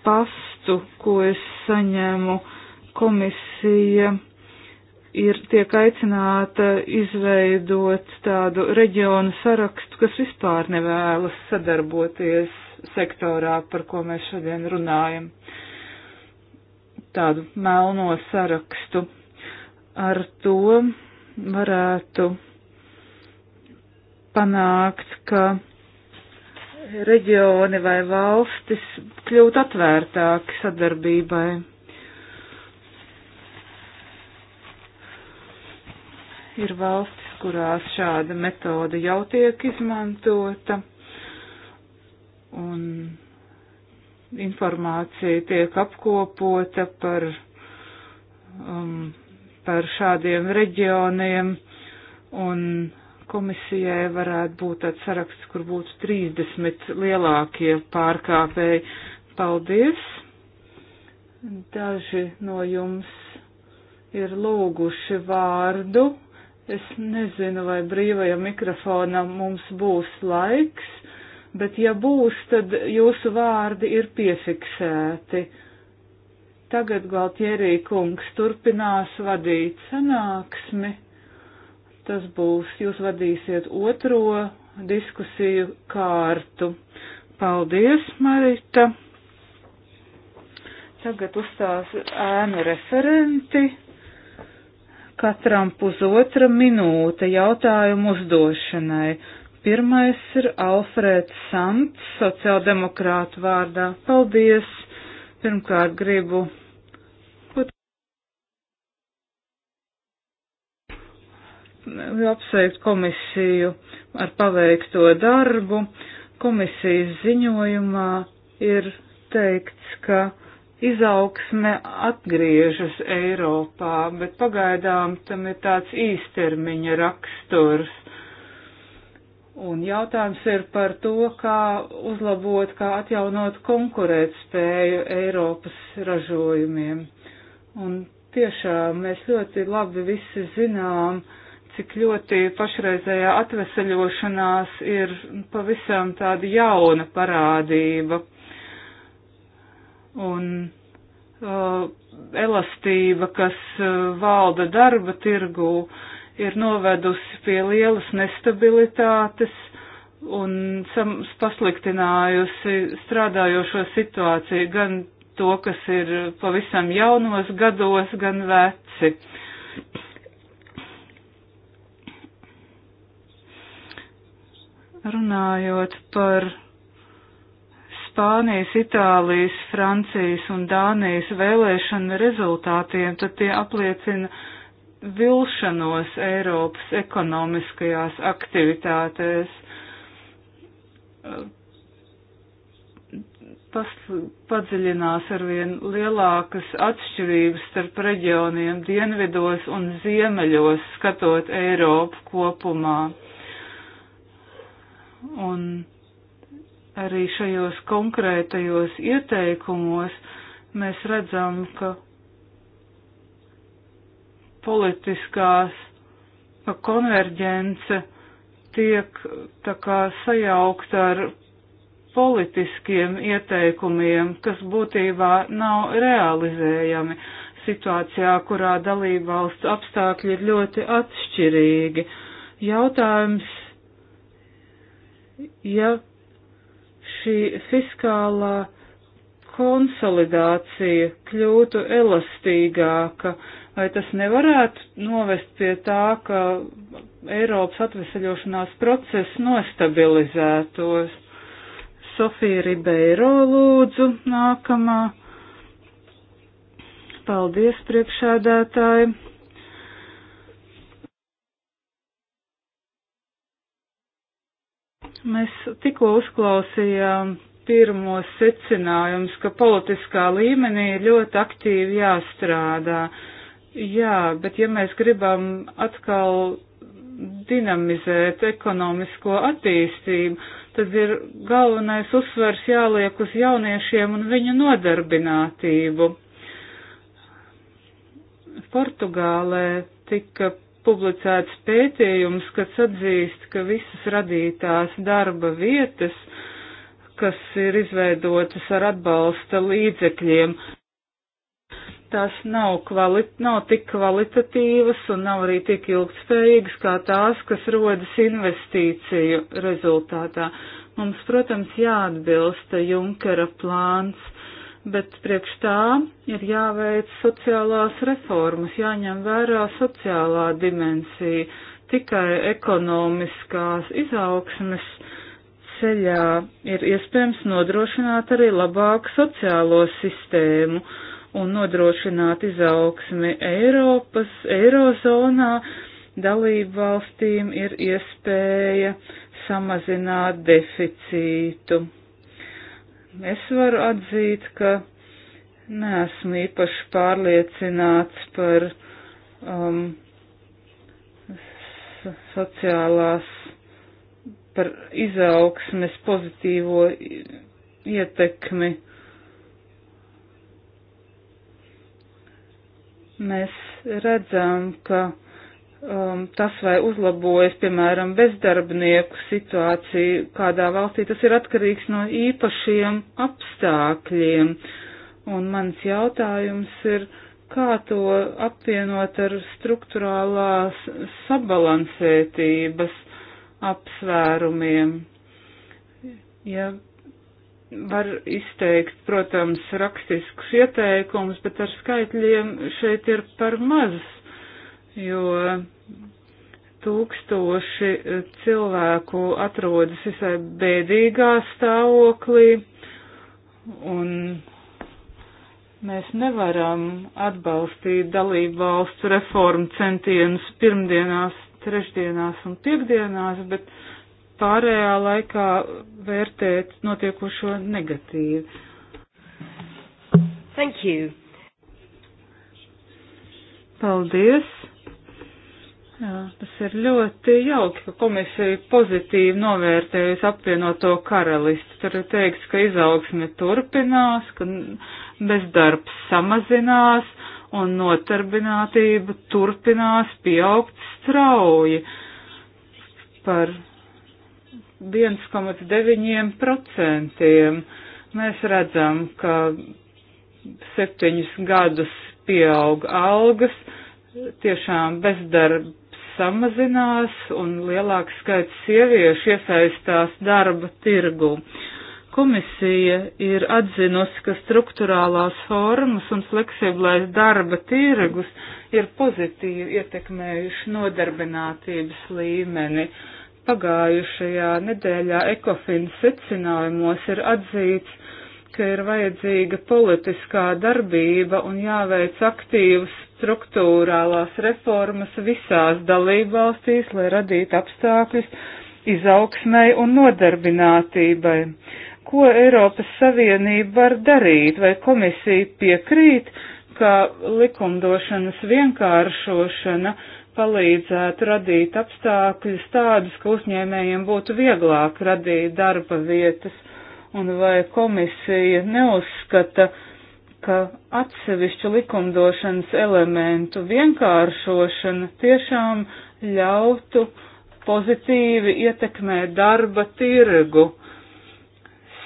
pastu, ko es saņēmu, komisija ir tiek aicināta izveidot tādu reģionu sarakstu, kas vispār nevēlas sadarboties sektorā, par ko mēs šodien runājam. Tādu melno sarakstu. Ar to varētu panākt, ka reģioni vai valstis kļūt atvērtāki sadarbībai. Ir valstis, kurās šāda metode jau tiek izmantota un informācija tiek apkopota par, um, par šādiem reģioniem un komisijai varētu būt tāds saraksts, kur būtu 30 lielākie pārkāpēji. Paldies! Daži no jums ir lūguši vārdu. Es nezinu, vai brīvajam mikrofonam mums būs laiks, bet ja būs, tad jūsu vārdi ir piefiksēti. Tagad Galtierī kungs turpinās vadīt sanāksmi. Tas būs, jūs vadīsiet otro diskusiju kārtu. Paldies, Marita! Tagad uzstās ēnu referenti katram pusotra minūte jautājumu uzdošanai. Pirmais ir Alfrēds Sants, sociāldemokrātu vārdā. Paldies! Pirmkārt gribu. apsveikt komisiju ar paveikto darbu. Komisijas ziņojumā ir teikts, ka Izaugsme atgriežas Eiropā, bet pagaidām tam ir tāds īstermiņa raksturs. Un jautājums ir par to, kā uzlabot, kā atjaunot konkurētspēju Eiropas ražojumiem. Un tiešām mēs ļoti labi visi zinām, cik ļoti pašreizējā atveseļošanās ir pavisam tāda jauna parādība un uh, elastība, kas uh, valda darba tirgū, ir novedusi pie lielas nestabilitātes un pasliktinājusi strādājošo situāciju gan to, kas ir pavisam jaunos gados, gan veci. Runājot par Spānijas, Itālijas, Francijas un Dānijas vēlēšana rezultātiem, tad tie apliecina vilšanos Eiropas ekonomiskajās aktivitātēs. Pas, padziļinās arvien lielākas atšķirības starp reģioniem dienvidos un ziemeļos, skatot Eiropu kopumā. Un arī šajos konkrētajos ieteikumos mēs redzam, ka politiskās ka konverģence tiek tā kā sajaukta ar politiskiem ieteikumiem, kas būtībā nav realizējami situācijā, kurā dalībvalsts apstākļi ir ļoti atšķirīgi. Jautājums, ja šī fiskālā konsolidācija kļūtu elastīgāka, vai tas nevarētu novest pie tā, ka Eiropas atvesaļošanās process nostabilizētos. Sofija Ribeiro lūdzu nākamā. Paldies priekšādātāji. Mēs tikko uzklausījām pirmos secinājumus, ka politiskā līmenī ir ļoti aktīvi jāstrādā. Jā, bet ja mēs gribam atkal dinamizēt ekonomisko attīstību, tad ir galvenais uzsvers jāliek uz jauniešiem un viņu nodarbinātību. Portugālē tika publicēts pētījums, kas atzīst, ka visas radītās darba vietas, kas ir izveidotas ar atbalsta līdzekļiem, tās nav, kvali nav tik kvalitatīvas un nav arī tik ilgspējīgas kā tās, kas rodas investīciju rezultātā. Mums, protams, jāatbilsta Junkera plāns bet priekš tā ir jāveic sociālās reformas, jāņem vērā sociālā dimensija. Tikai ekonomiskās izaugsmes ceļā ir iespējams nodrošināt arī labāku sociālo sistēmu un nodrošināt izaugsmi Eiropas, Eirozonā. Dalību valstīm ir iespēja samazināt deficītu. Es varu atzīt, ka neesmu īpaši pārliecināts par um, sociālās, par izaugsmes pozitīvo ietekmi. Mēs redzam, ka um, tas, vai uzlabojas, piemēram, bezdarbnieku situācija kādā valstī, tas ir atkarīgs no īpašiem apstākļiem. Un mans jautājums ir, kā to apvienot ar struktūrālās sabalansētības apsvērumiem? Ja var izteikt, protams, rakstiskus ieteikumus, bet ar skaitļiem šeit ir par mazs jo tūkstoši cilvēku atrodas visai bēdīgā stāvoklī, un mēs nevaram atbalstīt dalību valstu reformu centienus pirmdienās, trešdienās un piekdienās, bet pārējā laikā vērtēt notiekošo negatīvi. Thank you. Paldies. Jā, tas ir ļoti jauki, ka komisija pozitīvi novērtējusi apvienoto karalisti. Tur ir teiks, ka izaugsme turpinās, ka bezdarbs samazinās un notarbinātība turpinās pieaugt strauji par 1,9%. Mēs redzam, ka septiņus gadus pieauga algas tiešām bezdarba samazinās un lielāks skaits sieviešu iesaistās darba tirgu. Komisija ir atzinusi, ka struktūrālās formas un fleksiblais darba tirgus ir pozitīvi ietekmējuši nodarbinātības līmeni. Pagājušajā nedēļā ekofina secinājumos ir atzīts, ka ir vajadzīga politiskā darbība un jāveic aktīvs struktūrālās reformas visās dalībvalstīs, lai radītu apstākļus izaugsmai un nodarbinātībai. Ko Eiropas Savienība var darīt, vai komisija piekrīt, ka likumdošanas vienkāršošana palīdzētu radīt apstākļus tādus, ka uzņēmējiem būtu vieglāk radīt darba vietas, un vai komisija neuzskata, ka ka atsevišķu likumdošanas elementu vienkāršošana tiešām ļautu pozitīvi ietekmēt darba tirgu.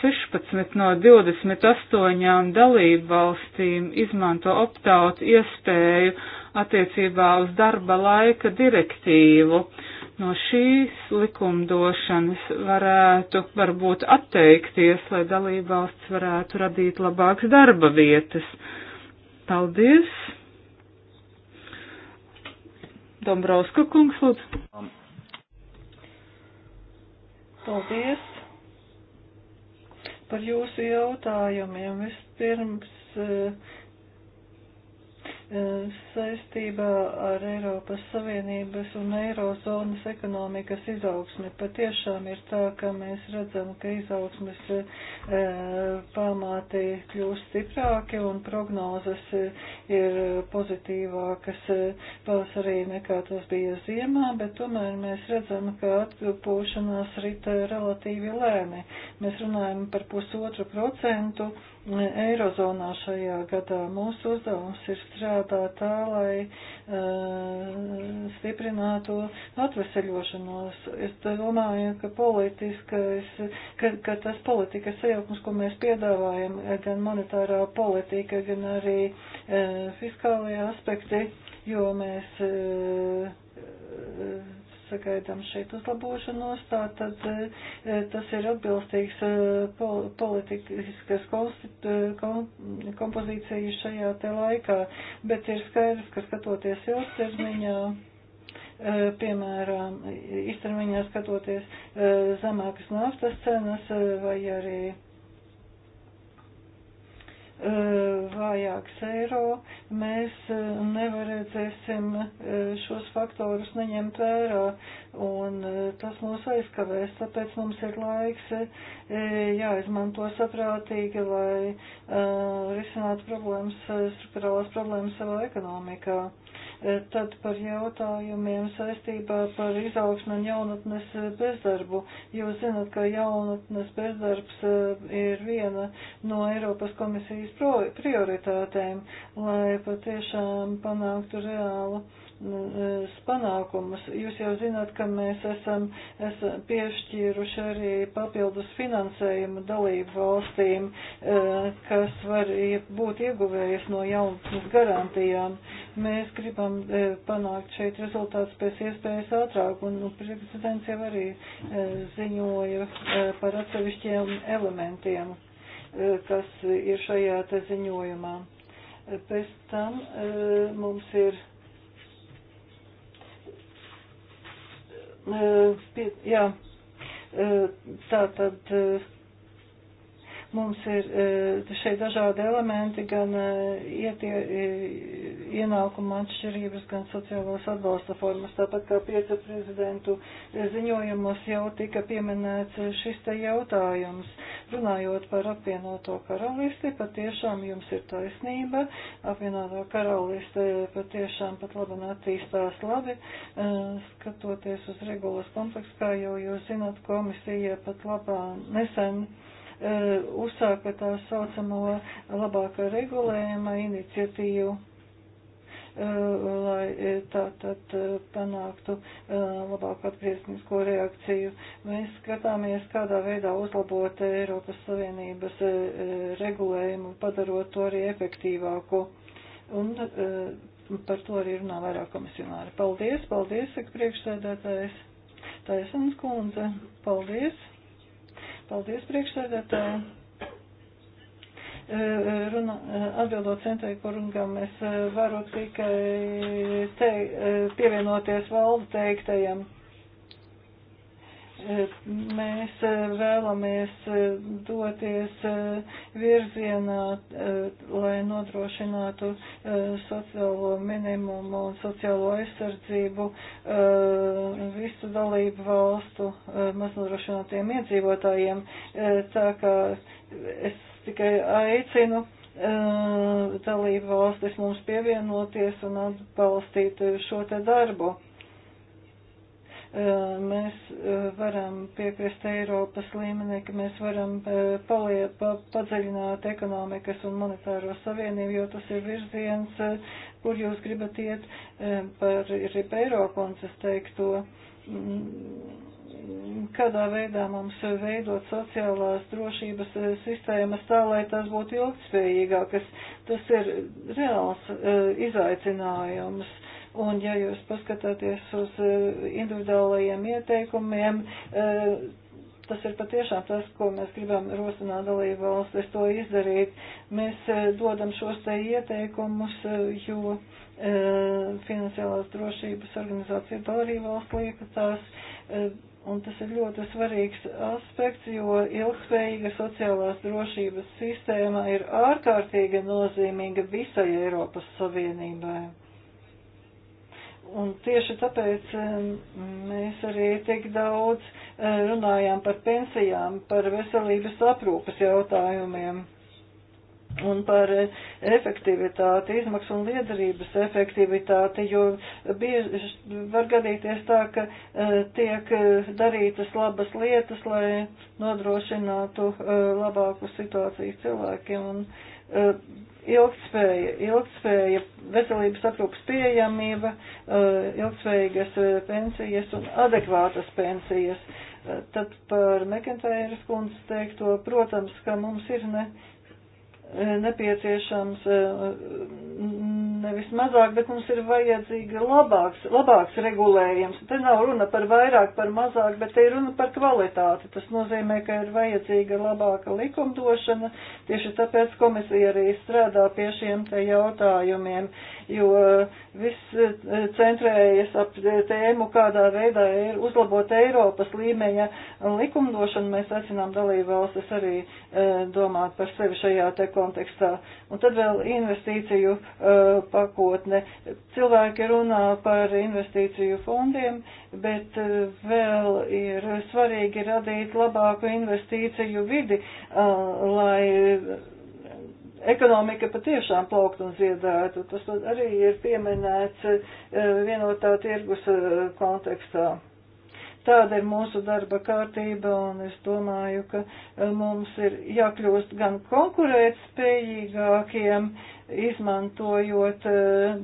16 no 28 dalību valstīm izmanto optautu iespēju attiecībā uz darba laika direktīvu no šīs likumdošanas varētu varbūt atteikties, lai dalībvalsts varētu radīt labākas darba vietas. Paldies! Dombrauska kungs, lūdzu. Um, Paldies par jūsu jautājumiem. Vispirms eh, E, saistībā ar Eiropas Savienības un Eirozonas ekonomikas izaugsmi. Patiešām ir tā, ka mēs redzam, ka izaugsmes e, pamāti kļūst stiprāki un prognozes ir pozitīvākas e, pavasarī nekā tas bija ziemā, bet tomēr mēs redzam, ka atpūšanās rita relatīvi lēni. Mēs runājam par pusotru procentu Eirozonā šajā gadā mūsu uzdevums ir strādāt tā, lai uh, stiprinātu atveseļošanos. Es domāju, ka politiskais, ka, ka tas politikas sajaukums, ko mēs piedāvājam, gan monetārā politika, gan arī uh, eh, fiskālajā aspekti, jo mēs uh, sagaidām šeit uzlabošanos, tā tad e, tas ir atbilstīgs e, politiskas kompozīcijas šajā te laikā, bet ir skaidrs, ka skatoties ilgtermiņā, e, piemēram, īstermiņā skatoties zemākas naftas cenas vai arī Eh, vājāks eiro, mēs eh, nevarēsim eh, šos faktorus neņemt vērā, un tas mūs aizkavēs, tāpēc mums ir laiks jāizmanto saprātīgi, lai risinātu problēmas, struktūrālās problēmas savā ekonomikā. E, tad par jautājumiem saistībā par izaugsmu un jaunatnes e, bezdarbu. Jūs zinat, ka jaunatnes bezdarbs e, ir viena no Eiropas komisijas prioritātēm, lai patiešām panāktu reālu Mm, panākumus. Jūs jau zināt, ka mēs esam, esam piešķīruši arī papildus finansējumu dalību valstīm, eh, kas var būt ieguvējas no jaunas garantijām. Mēs gribam eh, panākt šeit rezultātus pēc iespējas ātrāk, un nu, prezidents jau arī eh, ziņoja par atsevišķiem elementiem, kas ir šajā te ziņojumā. Pēc tam mums ir jā, tā tad Mums ir eh, šeit dažādi elementi, gan eh, ietie, eh, ienākuma atšķirības, gan sociālās atbalsta formas. Tāpat kā piecu prezidentu ziņojumos jau tika pieminēts šis te jautājums. Runājot par apvienoto karalisti, patiešām jums ir taisnība. Apvienoto karalisti patiešām pat labi attīstās labi. Skatoties uz regulas kompleksu, kā jau jūs zināt, komisija pat labā nesen. E, uzsāka tā saucamo labāka regulējuma iniciatīvu e, lai e, tā tad panāktu labāku atgrieznisko reakciju. Mēs skatāmies, kādā veidā uzlabot Eiropas Savienības regulējumu, padarot to arī efektīvāku. Un par to arī runā vairāk komisionāri. Paldies, paldies, saka priekšsēdētājs Taisans Kundze. Paldies! Paldies, priekšsēdētāji. E, e, runa, e, atbildot centrai kurungam, es varu tikai te, pievienoties valdu teiktajam Mēs eh, vēlamies eh, doties eh, virzienā, lai nodrošinātu sociālo minimumu un sociālo aizsardzību visu dalību valstu maznodrošinātiem iedzīvotājiem. Tā kā es tikai aicinu dalību valstis mums pievienoties un atbalstīt šo te darbu Eh, mēs eh, varam piekrist Eiropas līmenī, ka mēs varam eh, palie, pa, padziļināt ekonomikas un monetāro savienību, jo tas ir virziens, kur jūs gribat iet par Ribēro kundzes teikto mm, kādā veidā mums veidot sociālās drošības sistēmas tā, lai tās būtu ilgspējīgākas. Tas ir reāls izaicinājums. Un ja jūs paskatāties uz eh, individuālajiem ieteikumiem, eh, tas ir patiešām tas, ko mēs gribam rosināt dalību valstis to izdarīt. Mēs eh, dodam šos te ieteikumus, jo finansiālās drošības organizācija dalību valsts liekas tās un tas ir ļoti svarīgs aspekts, jo ilgspējīga sociālās drošības sistēma ir ārkārtīgi nozīmīga visai Eiropas Savienībai. Un tieši tāpēc mēs arī tik daudz eh, runājām par pensijām, par veselības aprūpas jautājumiem un par eh, efektivitāti, izmaksu un liederības efektivitāti, jo bieži var gadīties tā, ka eh, tiek darītas labas lietas, lai nodrošinātu labāku situāciju cilvēkiem. Un, ilgspēja, ilgspēja veselības aprūpas pieejamība, eh, ilgspējīgas eh, pensijas un adekvātas pensijas. Eh, tad par Mekentēras kundzes teikto, protams, ka mums ir ne, nepieciešams nevis mazāk, bet mums ir vajadzīga labāks, labāks regulējums. Te nav runa par vairāk, par mazāk, bet te ir runa par kvalitāti. Tas nozīmē, ka ir vajadzīga labāka likumdošana, tieši tāpēc komisija arī strādā pie šiem te jautājumiem jo eh, viss eh, centrējas ap tēmu, kādā veidā ir uzlabot Eiropas līmeņa likumdošanu. Mēs aicinām dalību valstis arī eh, domāt par sevi šajā te kontekstā. Un tad vēl investīciju pakotne. Cilvēki runā par investīciju fondiem, bet vēl ir svarīgi radīt labāku investīciju vidi, lai ekonomika patiešām plaukt un ziedētu. Tas arī ir pieminēts eh, vienotā tirgus eh, kontekstā. Tāda ir mūsu darba kārtība, un es domāju, ka eh, mums ir jākļūst gan konkurētspējīgākiem, izmantojot eh,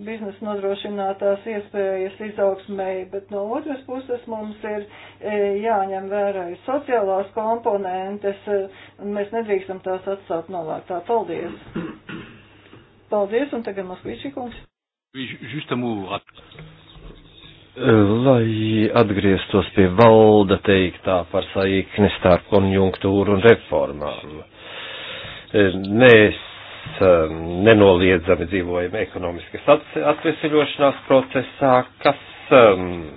biznesa nodrošinātās iespējas izaugsmēji, bet no otras puses mums ir eh, jāņem vērā sociālās komponentes, un mēs nedrīkstam tās atstāt novārtā. Paldies! [coughs] Paldies, un tagad Moskvičī kungs. Juste un mot lai atgrieztos pie valda teiktā par saikni starp konjunktūru un reformām. Mēs um, nenoliedzami dzīvojam ekonomiskas atvesļošanās procesā, kas um,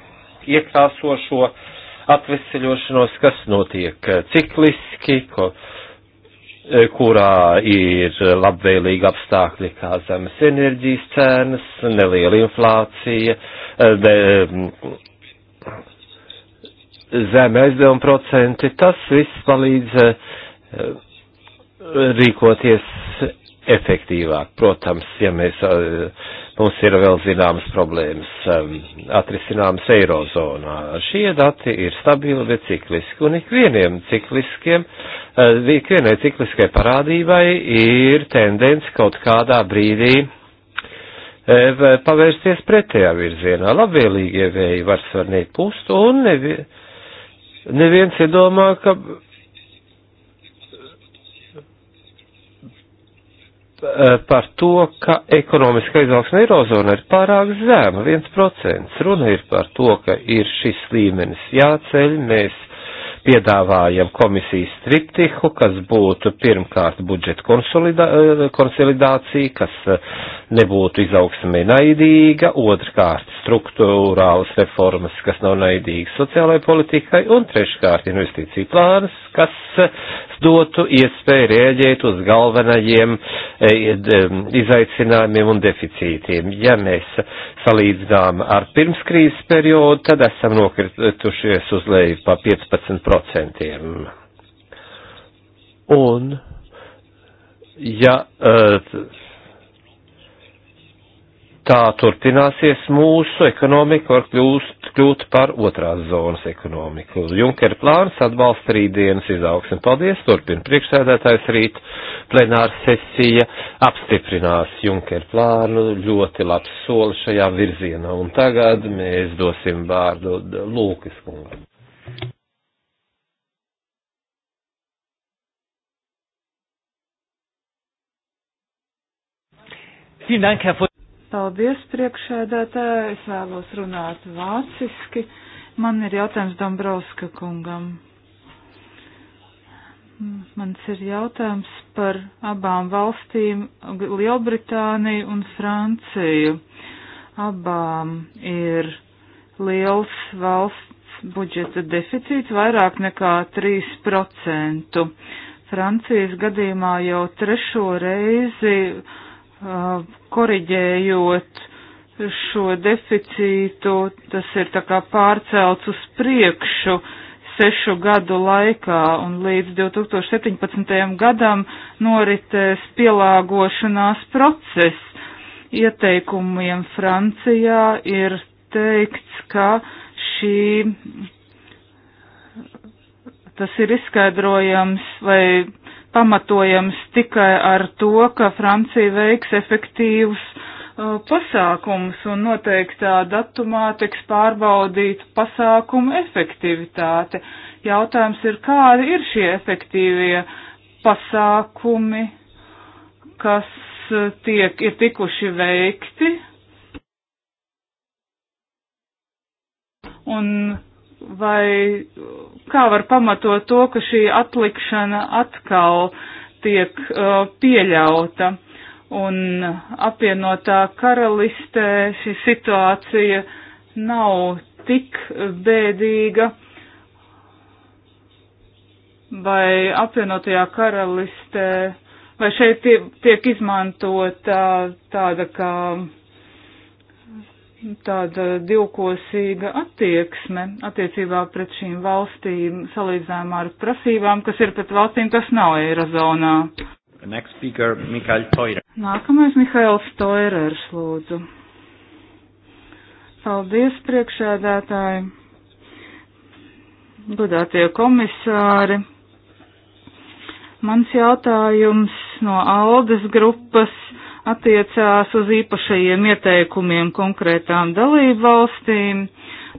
iekrāso šo atvesļošanos, kas notiek cikliski, ko, uh, E, kurā ir labvēlīgi apstākļi kā zemes enerģijas cenas, neliela inflācija, e, de, e, zeme aizdevuma procenti, tas viss palīdz rīkoties efektīvāk. Protams, ja mēs mums ir vēl zināmas problēmas um, atrisināmas eirozonā. Šie dati ir stabili, bet cikliski, un ikvieniem cikliskiem, uh, ikvienai cikliskai parādībai ir tendence kaut kādā brīdī uh, pavērsties pretējā virzienā. Labvēlīgie vēji var svarnīt pust, un nevi, neviens iedomā, ka Eh, par to, ka ekonomiskā izaugsme Eirozona ir pārāk zema, 1%. Runa ir par to, ka ir šis līmenis jāceļ, mēs piedāvājam komisijas triptiku, kas būtu pirmkārt budžeta konsolidā, eh, konsolidācija, kas eh, nebūtu izaugsmē naidīga, otrkārt struktūrālas reformas, kas nav naidīgas sociālajai politikai, un treškārt investīcija plāns, kas Tas dotu iespēju rēģēt uz galvenajiem e, e, izaicinājumiem un deficītiem. Ja mēs salīdzinām ar pirmskrīzes periodu, tad esam nokritušies uz leju pa 15%. Un, ja e, tā turpināsies, mūsu ekonomika var kļūst kļūt par otrās zonas ekonomiku. Junker plāns atbalsta rītdienas izaugsmi. Paldies, turpina priekšsēdētājs rīt. Plenāra sesija apstiprinās Junker plānu. Ļoti labs solis šajā virzienā. Un tagad mēs dosim vārdu Lūkas kungam. Vielen Dank, Herr Paldies, priekšēdētāji. Es vēlos runāt vāciski. Man ir jautājums Dombrovska kungam. Mans ir jautājums par abām valstīm - Lielbritāniju un Franciju. Abām ir liels valsts budžeta deficīts, vairāk nekā 3%. Francijas gadījumā jau trešo reizi Uh, koriģējot šo deficītu, tas ir tā kā pārcelts uz priekšu sešu gadu laikā un līdz 2017. gadam noritēs pielāgošanās process. Ieteikumiem Francijā ir teikts, ka šī, tas ir izskaidrojams vai pamatojams tikai ar to, ka Francija veiks efektīvus uh, pasākumus un noteiktā datumā tiks pārbaudīt pasākumu efektivitāte. Jautājums ir, kādi ir šie efektīvie pasākumi, kas uh, tiek, ir tikuši veikti un vai kā var pamatot to, ka šī atlikšana atkal tiek uh, pieļauta. Un apvienotā karalistē šī situācija nav tik bēdīga. Vai apvienotajā karalistē, vai šeit tiek, tiek izmantota tāda kā. Ka tāda divkosīga attieksme attiecībā pret šīm valstīm salīdzinājumā ar prasībām, kas ir pret valstīm, kas nav Eirozonā. Next speaker, Mikaļ Toirer. Nākamais Mihails Toirers, lūdzu. Paldies, priekšēdētāji, godātie komisāri. Mans jautājums no Aldes grupas attiecās uz īpašajiem ieteikumiem konkrētām dalību valstīm.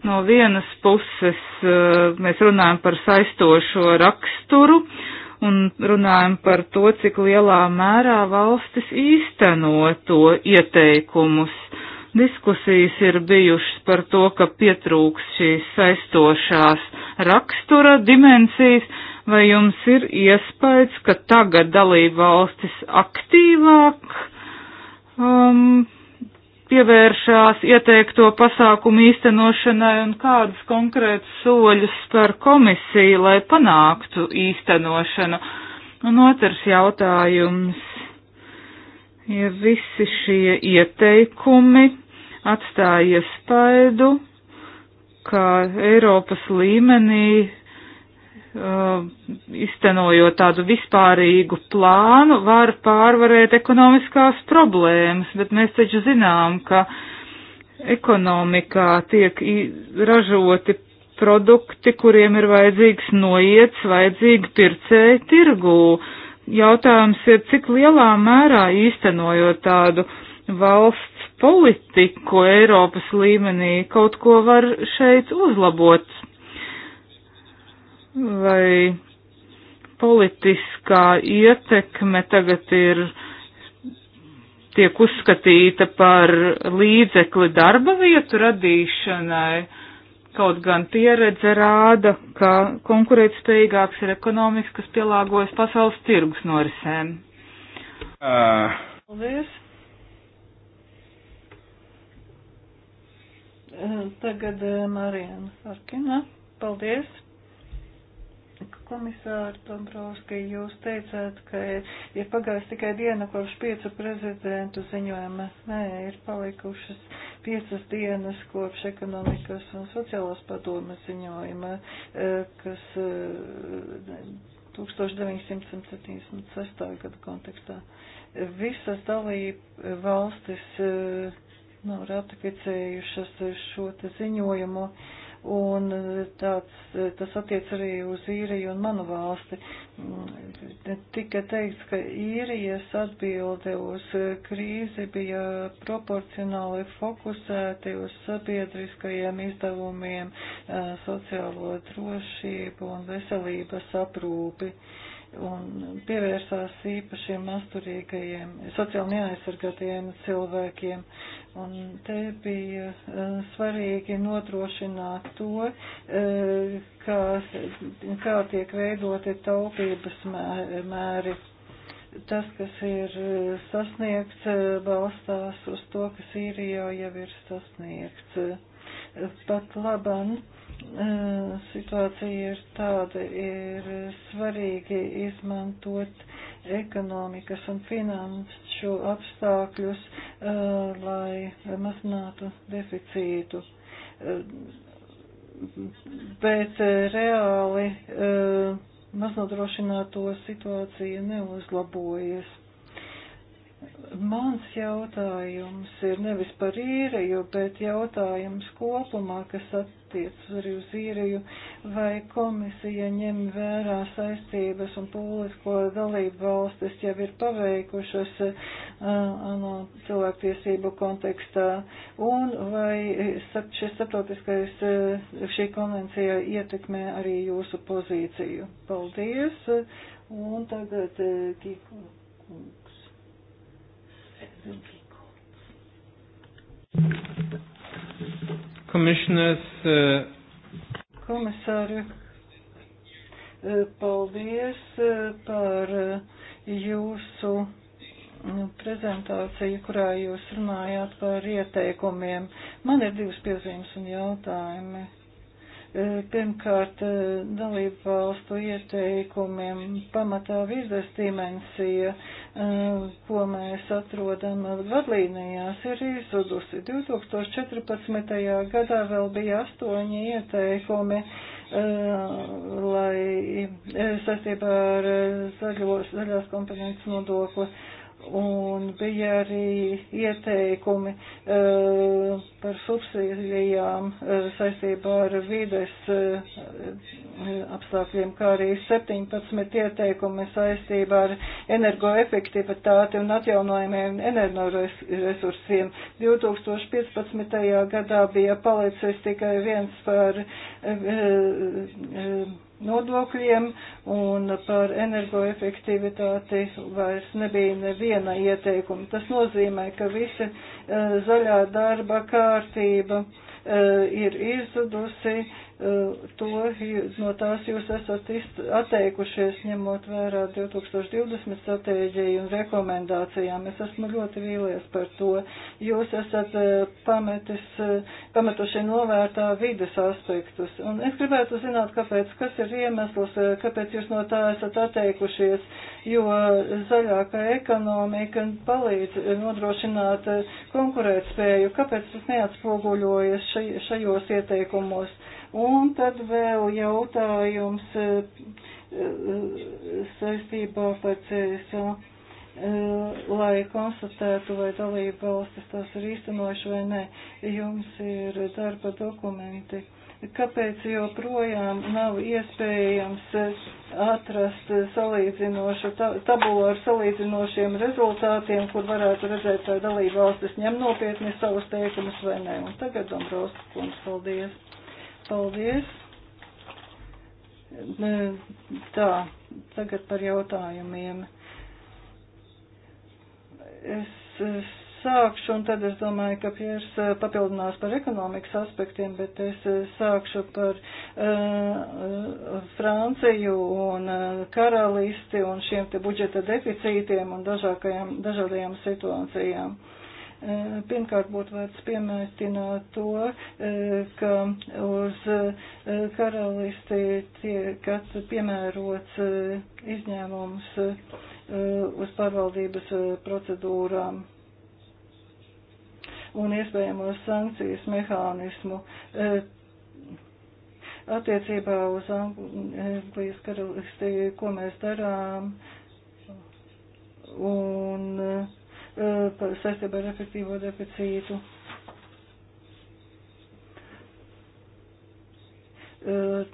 No vienas puses eh, mēs runājam par saistošo raksturu un runājam par to, cik lielā mērā valstis īsteno to ieteikumus. Diskusijas ir bijušas par to, ka pietrūks šīs saistošās rakstura dimensijas, vai jums ir iespējas, ka tagad dalība valstis aktīvāk um, pievēršās ieteikto pasākumu īstenošanai un kādus konkrētus soļus par komisiju, lai panāktu īstenošanu. Un otrs jautājums. Ja visi šie ieteikumi atstāja iespaidu, ka Eiropas līmenī Uh, iztenojot tādu vispārīgu plānu, var pārvarēt ekonomiskās problēmas, bet mēs taču zinām, ka ekonomikā tiek ražoti produkti, kuriem ir vajadzīgs noiets, vajadzīgi pircēji tirgū. Jautājums ir, cik lielā mērā īstenojot tādu valsts politiku Eiropas līmenī kaut ko var šeit uzlabot vai politiskā ietekme tagad ir tiek uzskatīta par līdzekli darba vietu radīšanai, kaut gan pieredze rāda, ka konkurētspējīgāks ir ekonomikas, kas pielāgojas pasaules tirgus norisēm. Uh. Paldies! Tagad eh, Marijana Arkina. Paldies! Komisāri Dombrovski, jūs teicāt, ka ir pagājis tikai diena kopš piecu prezidentu ziņojuma. Nē, ir palikušas piecas dienas kopš ekonomikas un sociālās padomas ziņojuma, eh, kas 1976. Eh, gada kontekstā. Visas dalība valstis eh, nav nu, ratificējušas šo te ziņojumu. Uh, un e, tāds, e, tas attiec arī uz īriju un manu valsti. Mm, e, tika teikts, ka īrijas atbilde uz krīzi bija proporcionāli fokusēti uz sabiedriskajiem izdevumiem, sociālo drošību un veselības aprūpi. Uh, un pievērsās īpašiem masturīgajiem, sociāli neaizsargātajiem cilvēkiem. Un te bija uh, svarīgi notrošināt to, uh, kā, kā tiek veidoti taupības mēri. Tas, kas ir eh, sasniegts, balstās uz to, kas īrijā jau ir sasniegts. Pat labam situācija ir tāda, ir svarīgi izmantot ekonomikas un finanšu apstākļus, lai mazinātu deficītu. Bet reāli maznodrošināto situācija neuzlabojas. Mans jautājums ir nevis par īreju, bet jautājums kopumā, kas attiecas attiecas arī uz īriju, vai komisija ņem vērā saistības un pūles, ko dalību valstis jau ir paveikušas uh, no cilvēktiesību kontekstā, un vai šis starptautiskais, uh, šī konvencija ietekmē arī jūsu pozīciju. Paldies, un tagad uh, Kiko kungs. Thank you. Commissioners. Uh... Komisāri, uh, paldies uh, par uh, jūsu mm, prezentāciju, kurā jūs runājāt par ieteikumiem. Man ir divas piezīmes un jautājumi pirmkārt dalību valstu ieteikumiem pamatā vīzdas dimensija ko mēs atrodam vadlīnijās, ir izzudusi. 2014. gadā vēl bija astoņi ieteikumi, eh, lai eh, saistībā ar eh, zaļos, zaļās komponentes nodokli Un bija arī ieteikumi uh, par subsīdijām uh, saistībā ar vides uh, apstākļiem, kā arī 17 ieteikumi saistībā ar energoefektivitāti un atjaunojumiem energoresursiem. 2015. gadā bija palicis tikai viens par uh, uh, nodokļiem un par energoefektivitāti vairs nebija neviena ieteikuma. Tas nozīmē, ka visa eh, zaļā darba kārtība eh, ir izzudusi Eh, to, no tās jūs esat atteikušies, ņemot vērā 2020 stratēģiju un rekomendācijām. Es esmu ļoti vīlies par to. Jūs esat eh, pametis, eh, pametuši novērtā vides aspektus. Un es gribētu zināt, kāpēc, kas ir iemesls, kāpēc jūs no tā esat atteikušies, jo zaļākā ekonomika palīdz nodrošināt konkurētspēju. Kāpēc tas neatspoguļojas šajos ieteikumos? Un tad vēl jautājums eh, saistībā par CSA, eh, lai konstatētu, vai dalība valstis tās ir īstenojuši vai nē. Jums ir darba dokumenti. Kāpēc joprojām nav iespējams atrast salīdzinošu tabulu ar salīdzinošiem rezultātiem, kur varētu redzēt, vai dalība valstis ņem nopietni savus teikumus vai nē? Un tagad Dombrovskis, paldies! Paldies. Tā, tagad par jautājumiem. Es, es sākšu, un tad es domāju, ka Piers eh, papildinās par ekonomikas aspektiem, bet es eh, sākšu par uh, Franciju un uh, karalisti un šiem te budžeta deficītiem un dažādajām situācijām. Uh, Eh, pirmkārt, būtu vērts piemēstināt to, eh, ka uz eh, karalisti tiek piemērots izņēmums uz pārvaldības procedūrām un iespējamos sankcijas mehānismu attiecībā uz Anglijas karalisti, ko mēs darām. Un, uh, Eh, saistībā ar efektīvo deficītu. Eh,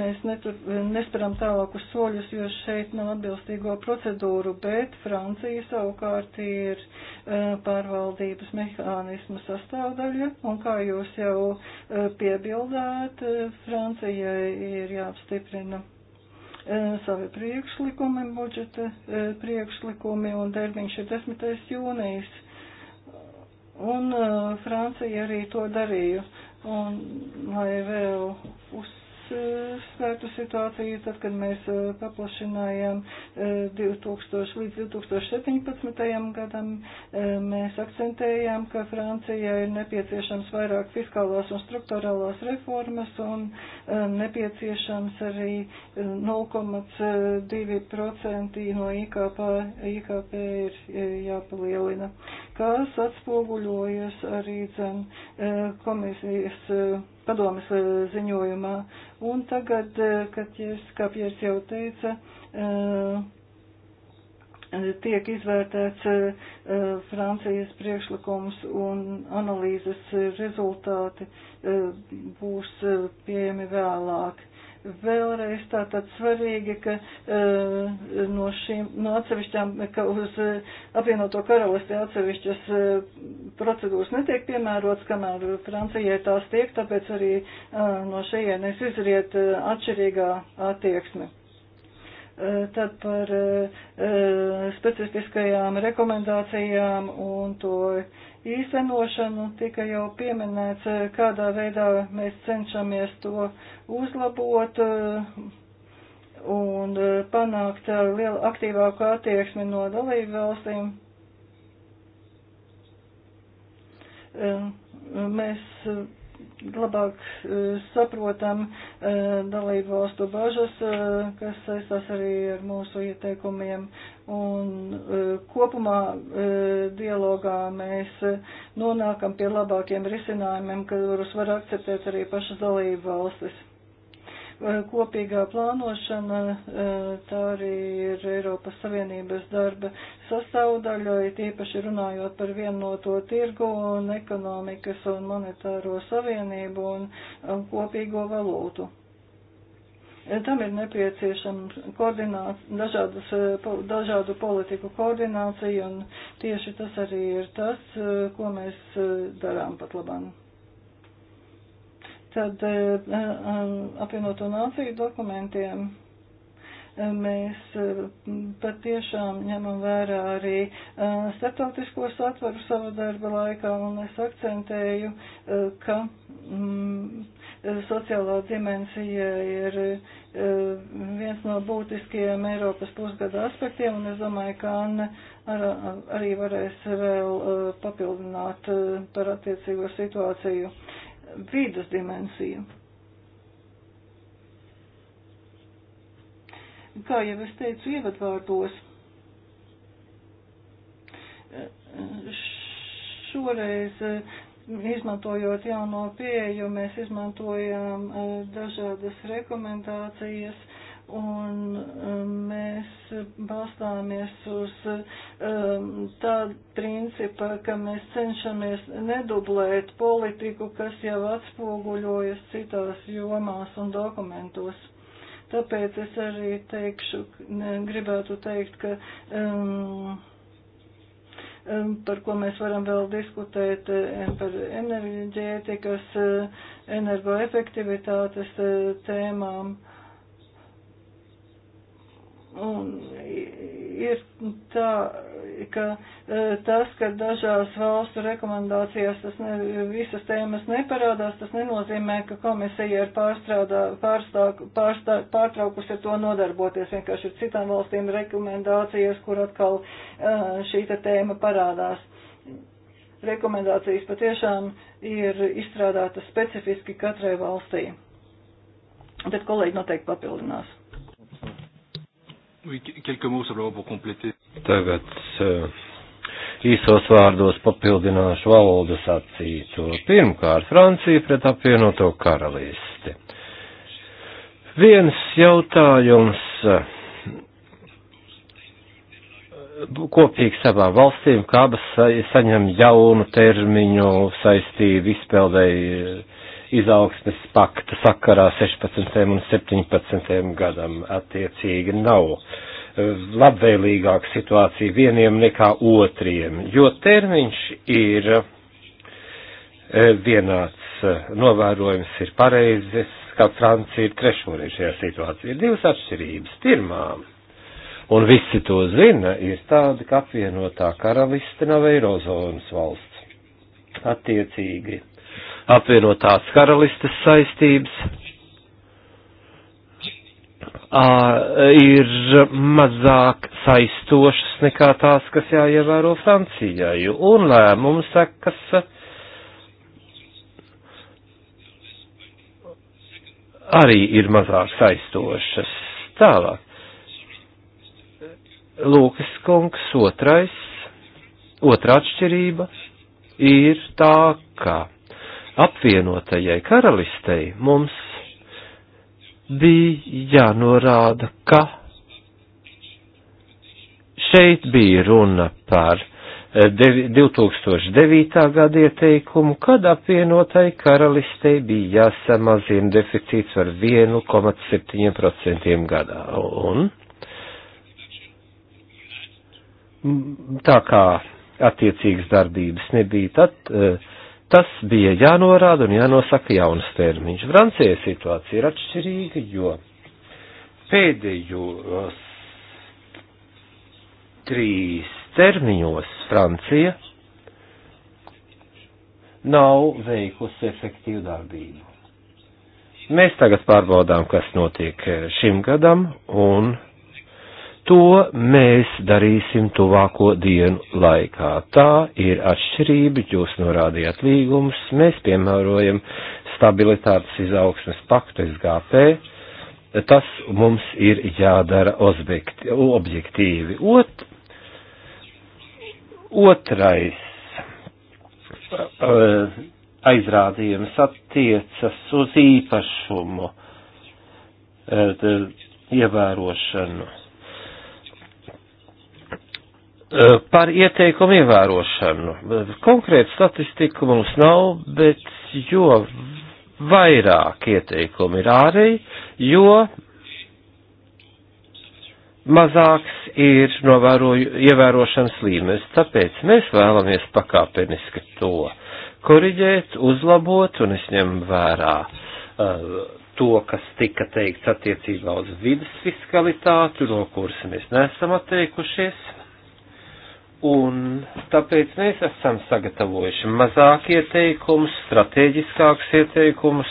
mēs netur, nesperam tālākus soļus, jo šeit nav atbilstīgo procedūru, bet Francija savukārt ir eh, pārvaldības mehānismu sastāvdaļa, un kā jūs jau piebildāt, Francijai ir jāapstiprina E, savi priekšlikumi, budžeta e, priekšlikumi, un termiņš ir 10. jūnijas. Un e, Francija arī to darīja, un lai vēl uz Eh, svērtu situāciju, tad, kad mēs eh, paplašinājām 2000 eh, līdz 2017. gadam, mēs akcentējām, ka Francijai ir nepieciešams vairāk fiskālās un struktūrālās reformas un nepieciešams arī 0,2% no IKP, IKP ir jāpalielina kas atspoguļojas arī dzen, e, komisijas e, padomas e, ziņojumā. Un tagad, kad, jūs, kā Piers jau teica, tiek izvērtēts Francijas priekšlikums un analīzes rezultāti būs pieejami vēlāk. Vēlreiz tātad svarīgi, ka uh, no šīm, no atsevišķām, ka uz uh, apvienoto karalisti atsevišķas uh, procedūras netiek piemērots, kamēr Francijai tās tiek, tāpēc arī uh, no šajienes izriet uh, atšķirīgā attieksme tad par uh, specifiskajām rekomendācijām un to uh, īstenošanu, tika jau pieminēts, eh, kādā veidā mēs cenšamies to uzlabot eh, un eh, panākt lielu aktīvāku attieksmi no dalību valstīm. Mēs labāk saprotam dalību valstu bažas, kas saistās arī ar mūsu ieteikumiem, Un eh, kopumā eh, dialogā mēs eh, nonākam pie labākiem risinājumiem, kurus var akceptēt arī pašas dalību valstis. Kopīgā plānošana tā arī ir Eiropas Savienības darba sastāvdaļa, it īpaši runājot par vienoto no tirgu un ekonomikas un monetāro savienību un kopīgo valūtu Tam ir nepieciešama dažādas, eh, dažādu politiku koordinācija, un tieši tas arī ir tas, eh, ko mēs eh, darām pat labāk. Tad apvienoto nāciju dokumentiem mēs patiešām ņemam vērā arī starptautisko satvaru savu darba laikā, un es akcentēju, ka mm, Eh, sociālā dimensija ir eh, viens no būtiskajiem Eiropas pusgada aspektiem, un es domāju, ka Anne ar, arī varēs vēl eh, papildināt par attiecīgo situāciju vidus dimensiju. Kā jau es teicu ievadvārdos, šoreiz izmantojot jauno pieeju, mēs izmantojām eh, dažādas rekomendācijas un eh, mēs balstāmies uz eh, tādu principu, ka mēs cenšamies nedublēt politiku, kas jau atspoguļojas citās jomās un dokumentos. Tāpēc es arī teikšu, gribētu teikt, ka um, Um, par ko mēs varam vēl diskutēt, eh, par enerģētikas, eh, energoefektivitātes eh, tēmām. Un ir tā, ka e, tas, ka dažās valstu rekomendācijās tas ne, visas tēmas neparādās, tas nenozīmē, ka komisija ir pārstrādā, pārstāk, pārstā, pārtraukusi ar to nodarboties. Vienkārši ir citām valstīm rekomendācijas, kur atkal e, šī tēma parādās. Rekomendācijas patiešām ir izstrādātas specifiski katrai valstī. Bet kolēģi noteikti papildinās. Tagad eh, īsos vārdos papildināšu valodu sacīto. Pirmkārt, Francija pret apvienoto karalisti. Viens jautājums eh, kopīgi savām valstīm, kā abas saņem jaunu termiņu saistību izpildēji izaugsmes pakta sakarā 16. un 17. gadam attiecīgi nav e, labvēlīgāka situācija vieniem nekā otriem, jo termiņš ir e, vienāds, novērojums ir pareizes, kā Francija ir trešoreiz šajā situācijā. Ir divas atšķirības. Pirmā, un visi to zina, ir tāda, ka apvienotā karaliste nav eirozonas valsts. Attiecīgi apvienotās karalistes saistības ā, ir mazāk saistošas nekā tās, kas jāievēro Francijai, un lēmumu sekas arī ir mazāk saistošas. Tālāk. Lūkas kungs otrais, otrā atšķirība ir tā, ka apvienotajai karalistei mums bija jānorāda, ka šeit bija runa par 2009. Eh, gada ieteikumu, kad apvienotai karalistei bija jāsamazina deficīts par 1,7% gadā. Un tā kā attiecīgas darbības nebija, tad uh, Tas bija jānorāda un jānosaka jauns termiņš. Francijai situācija ir atšķirīga, jo pēdējos trīs termiņos Francija nav veikusi efektīvu darbību. Mēs tagad pārbaudām, kas notiek eh, šim gadam, un To mēs darīsim tuvāko dienu laikā. Tā ir atšķirība, jūs norādījāt līgumus, mēs piemērojam stabilitātes izaugsmes paktu SGP. Tas mums ir jādara objektīvi. Ot, otrais eh, aizrādījums attiecas uz īpašumu eh, ievērošanu Eh, par ieteikumu ievērošanu. Konkrēta statistika mums nav, bet jo vairāk ieteikumi ir ārēji, jo mazāks ir novēroju, ievērošanas līmenis. Tāpēc mēs vēlamies pakāpeniski to koriģēt, uzlabot un es ņemu vērā uh, to, kas tika teikts attiecībā uz vidas fiskalitāti, no kuras mēs nesam atteikušies Un tāpēc mēs esam sagatavojuši mazāk ieteikumus, strateģiskākus ieteikumus,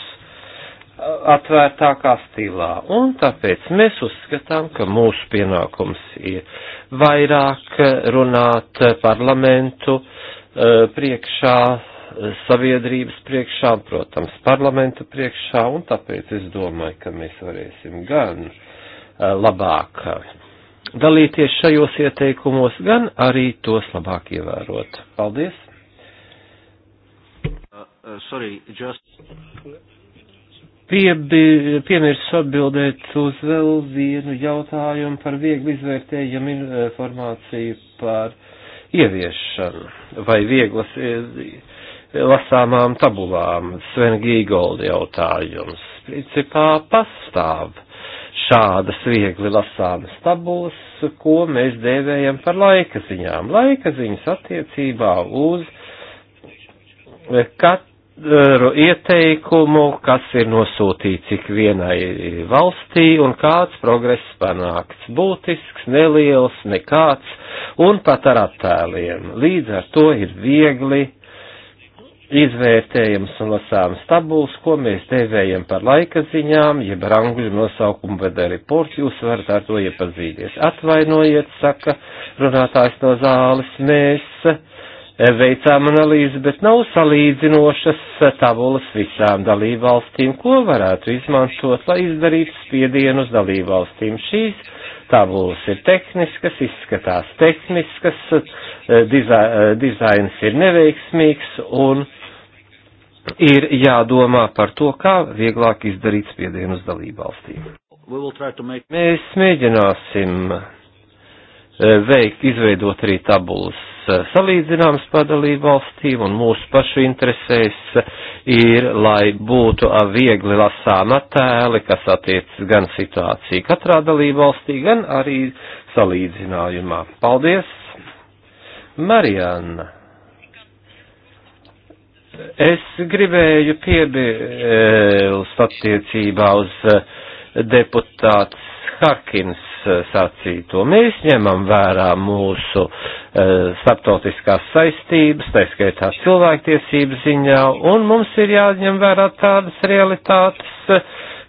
atvērtākā stilā. Un tāpēc mēs uzskatām, ka mūsu pienākums ir vairāk runāt parlamentu priekšā, sabiedrības priekšā, protams, parlamenta priekšā, un tāpēc es domāju, ka mēs varēsim gan labāk dalīties šajos ieteikumos, gan arī tos labāk ievērot. Paldies! Uh, uh, sorry, just... Piebi, piemirsu atbildēt uz vēl vienu jautājumu par viegli izvērtējumu informāciju par ieviešanu vai vieglas eh, lasāmām tabulām. Sven Gīgolda jautājums. Principā pastāv šādas viegli lasāmas tabulas, ko mēs dēvējam par laika ziņām. Laika ziņas attiecībā uz katru ieteikumu, kas ir nosūtīts ik vienai valstī un kāds progress panākts. Būtisks, neliels, nekāds un pat ar attēliem. Līdz ar to ir viegli izvērtējams un lasāms tabuls, ko mēs devējam par laika ziņām, jeb ar angļu nosaukumu vai report, jūs varat ar to iepazīties. Atvainojiet, saka runātājs no zāles, mēs e, veicām analīzi, bet nav salīdzinošas tabulas visām dalībvalstīm, ko varētu izmantot, lai izdarītu spiedienu uz dalībvalstīm. Šīs tabulas ir tehniskas, izskatās tehniskas, e, dizai, e, dizains ir neveiksmīgs un ir jādomā par to, kā vieglāk izdarīt spiedienu uz dalību valstīm. Make... Mēs mēģināsim e, veikt, izveidot arī tabulas e, salīdzināmas padalību valstīm, un mūsu pašu interesēs ir, lai būtu viegli lasām attēli, kas attiecas gan situāciju katrā dalību valstī, gan arī salīdzinājumā. Paldies! Marianna! Es gribēju piebilst attiecībā uz eh, deputāts Harkins eh, sacīto. Mēs ņemam vērā mūsu eh, starptautiskās saistības, tā skaitā cilvēktiesības ziņā, un mums ir jāņem vērā tādas realitātes,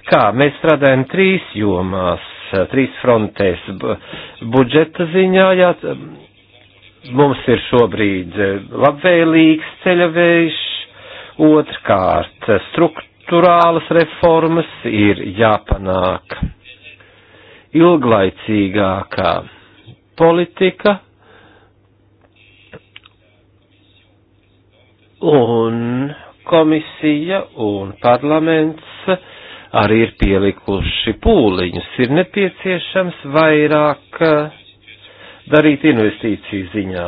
kā mēs strādājam trīs jomās, trīs frontēs budžeta ziņā. Jā, mums ir šobrīd labvēlīgs ceļavējs, Otrkārt, struktūrālas reformas ir jāpanāk ilglaicīgākā politika un komisija un parlaments arī ir pielikuši pūliņus. Ir nepieciešams vairāk darīt investīciju ziņā.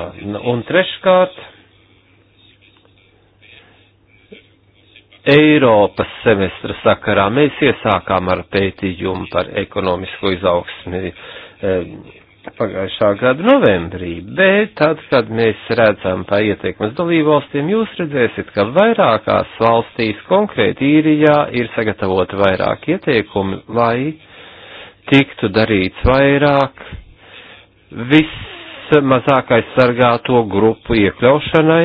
Un treškārt, Eiropas semestra sakarā mēs iesākām ar pētījumu par ekonomisko izaugsmi eh, pagājušā gada novembrī, bet tad, kad mēs redzam pa ieteikumus dalībvalstīm, jūs redzēsiet, ka vairākās valstīs, konkrēti īrijā, ir sagatavoti vairāk ieteikumi, lai tiktu darīts vairāk vismazāk aizsargāto grupu iekļaušanai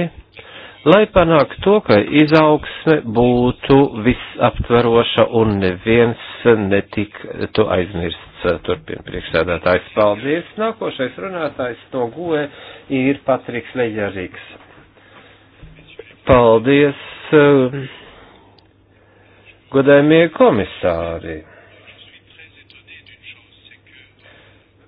lai panāktu to, ka izaugsme būtu visaptveroša un neviens netiktu aizmirsts. Turpin priekšsēdētājs paldies. Nākošais runātājs no GOE ir Patriks Leģerīgs. Paldies, um, godējumie komisāri.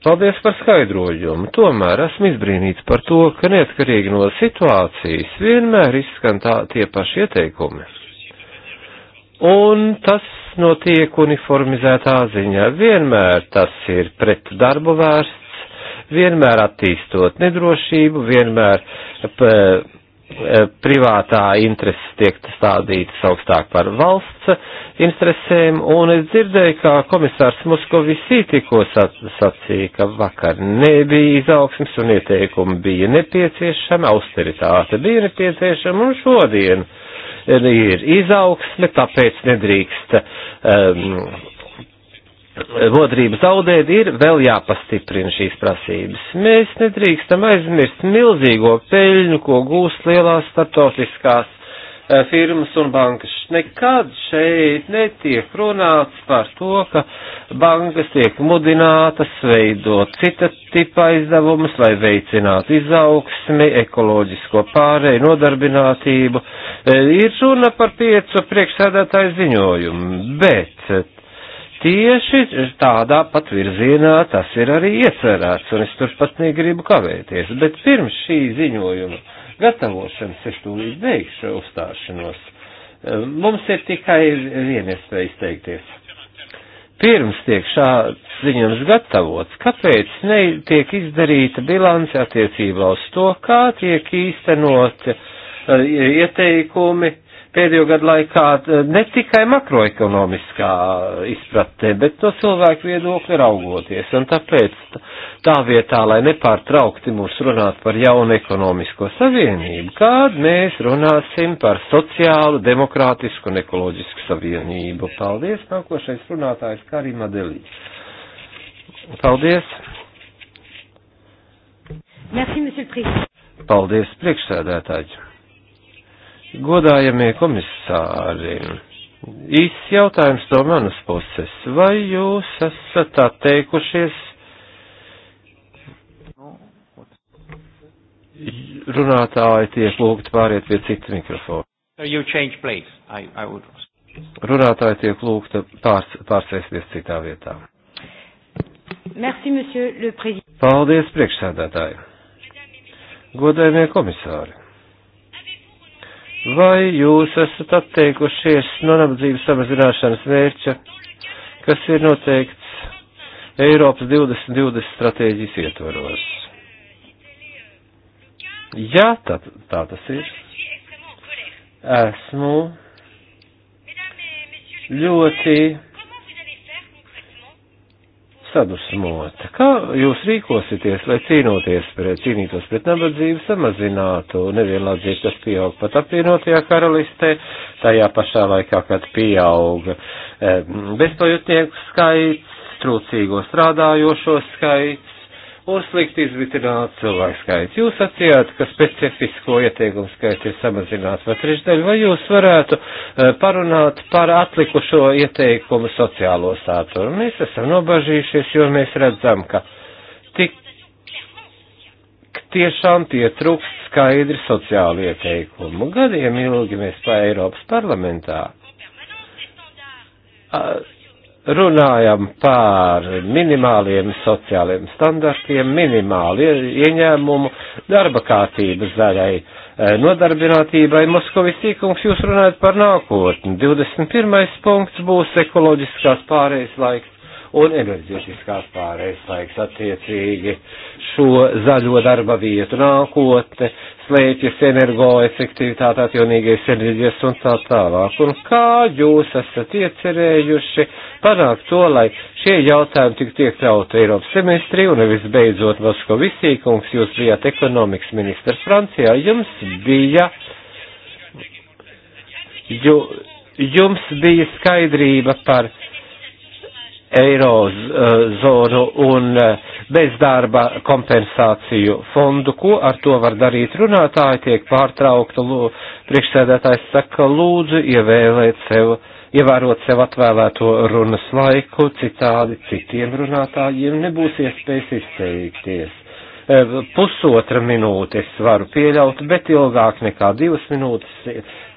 Paldies par skaidrojumu. Tomēr esmu izbrīnīts par to, ka neatkarīgi no situācijas vienmēr izskan tā, tie paši ieteikumi. Un tas notiek uniformizētā ziņā. Vienmēr tas ir pret darbu vērsts, vienmēr attīstot nedrošību, vienmēr. P, eh, Eh, privātā intereses tiek stādītas augstāk par valsts eh, interesēm, un es dzirdēju, kā komisārs Muskovisī tikko sacīja, ka vakar nebija izaugsmes un ieteikumi bija nepieciešami, austeritāte bija nepieciešama, un šodien eh, ir izaugsme, tāpēc nedrīkst um, modrību zaudēt, ir vēl jāpastiprina šīs prasības. Mēs nedrīkstam aizmirst milzīgo peļņu, ko gūst lielās startautiskās e, firmas un bankas. Nekad šeit netiek runāts par to, ka bankas tiek mudinātas veidot cita tipa aizdevumus, lai veicinātu izaugsmi, ekoloģisko pārēju, nodarbinātību. E, ir runa par piecu priekšsēdētāju ziņojumu, bet tieši tādā pat virzienā tas ir arī iecerēts, un es tur pat negribu kavēties. Bet pirms šī ziņojuma gatavošanas es tūlīt beigšu uzstāšanos. Mums ir tikai viena iespēja izteikties. Pirms tiek šāds ziņojums gatavots, kāpēc netiek izdarīta bilance attiecībā uz to, kā tiek īstenot eh, ieteikumi, pēdējo gadu laikā eh, ne tikai makroekonomiskā izpratnē, bet no cilvēku viedokļa raugoties. Un tāpēc tā vietā, lai nepārtraukti mūs runāt par jaunu ekonomisko savienību, kād mēs runāsim par sociālu, demokrātisku un ekoloģisku savienību. Paldies, nākošais runātājs Karima Delī. Paldies. Merci, Paldies, priekšsēdētāji. Godājamie komisāri, īsts jautājums no manas puses. Vai jūs esat atteikušies runātāji tiek lūgti pāriet pie cita mikrofona? I, I would... Runātāji tiek lūgta pār, pārsēsties citā vietā. Merci, Paldies, priekšsēdētāji. Godājumie komisāri. Vai jūs esat atteikušies no nabadzības samazināšanas mērķa, kas ir noteikts Eiropas 2020 stratēģijas ietvaros? Jā, tā, tā tas ir. Esmu ļoti sadusmota. Kā jūs rīkosieties, lai cīnoties pret, cīnītos pret nabadzību, samazinātu nevienlādzību, kas pieaug pat apvienotajā karalistē, tajā pašā laikā, kad pieauga eh, bezpajutnieku skaits, trūcīgo strādājošo skaits, uzlikt izvitināt cilvēku skaits. Jūs sacījāt, ka specifisko ieteikumu skaits ir samazināts vai trešdaļu, vai jūs varētu eh, parunāt par atlikušo ieteikumu sociālo saturu? Mēs esam nobažījušies, jo mēs redzam, ka tik tiešām pietrūkst skaidri sociāli ieteikumu. Gadiem ilgi mēs pa Eiropas parlamentā. Uh, runājam par minimāliem sociāliem standartiem, minimāli ieņēmumu darba kārtības daļai e, nodarbinātībai. Moskovis tīkums jūs runājat par nākotni. 21. punkts būs ekoloģiskās pārējas laiks un enerģetiskās pārējais laiks attiecīgi šo zaļo darba vietu nākotne, slēpjas energoefektivitāte, atjaunīgais enerģijas un tā tālāk. Un kā jūs esat iecerējuši panākt to, lai šie jautājumi tik tiek ļauti Eiropas semestrī un visbeidzot Moskovisī, kungs, jūs bijāt ekonomikas ministrs Francijā, jums bija. Ju, jums bija skaidrība par eirozonu un eh, bezdarba kompensāciju fondu. Ko ar to var darīt runātāji? Tiek pārtraukta, priekšsēdētājs saka, lūdzu ievēlēt sev, ievērot sev atvēlēto runas laiku, citādi citiem runātājiem nebūs iespējas izteikties. E, pusotra minūte es varu pieļaut, bet ilgāk nekā divas minūtes e,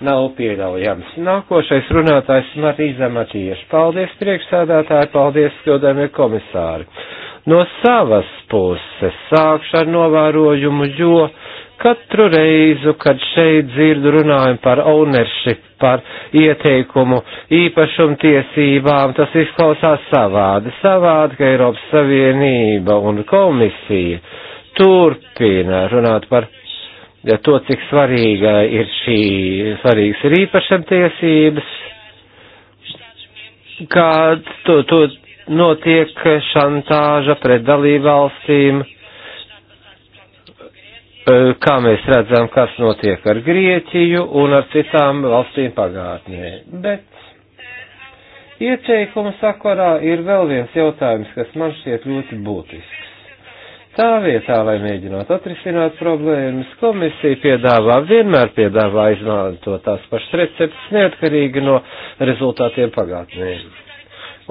nav pieļaujams. Nākošais runātājs Marīza Matīša. Paldies priekšsādātāji, paldies, godājumie komisāri. No savas puses sākšu ar novērojumu, jo katru reizu, kad šeit dzirdu runājumu par ownership, par ieteikumu īpašumtiesībām, tas izklausās savādi. Savādi, ka Eiropas Savienība un komisija turpina runāt par ja to, cik svarīga ir šī, svarīgas ir īpašamtiesības, kā to, to notiek šantāža pret dalībvalstīm, kā mēs redzam, kas notiek ar Grieķiju un ar citām valstīm pagātnē. Bet Ieteikumu sakarā ir vēl viens jautājums, kas man šķiet ļoti būtisks. Tā vietā, lai mēģinātu atrisināt problēmas, komisija piedāvā, vienmēr piedāvā izmantot tās pašas receptes neatkarīgi no rezultātiem pagātnē.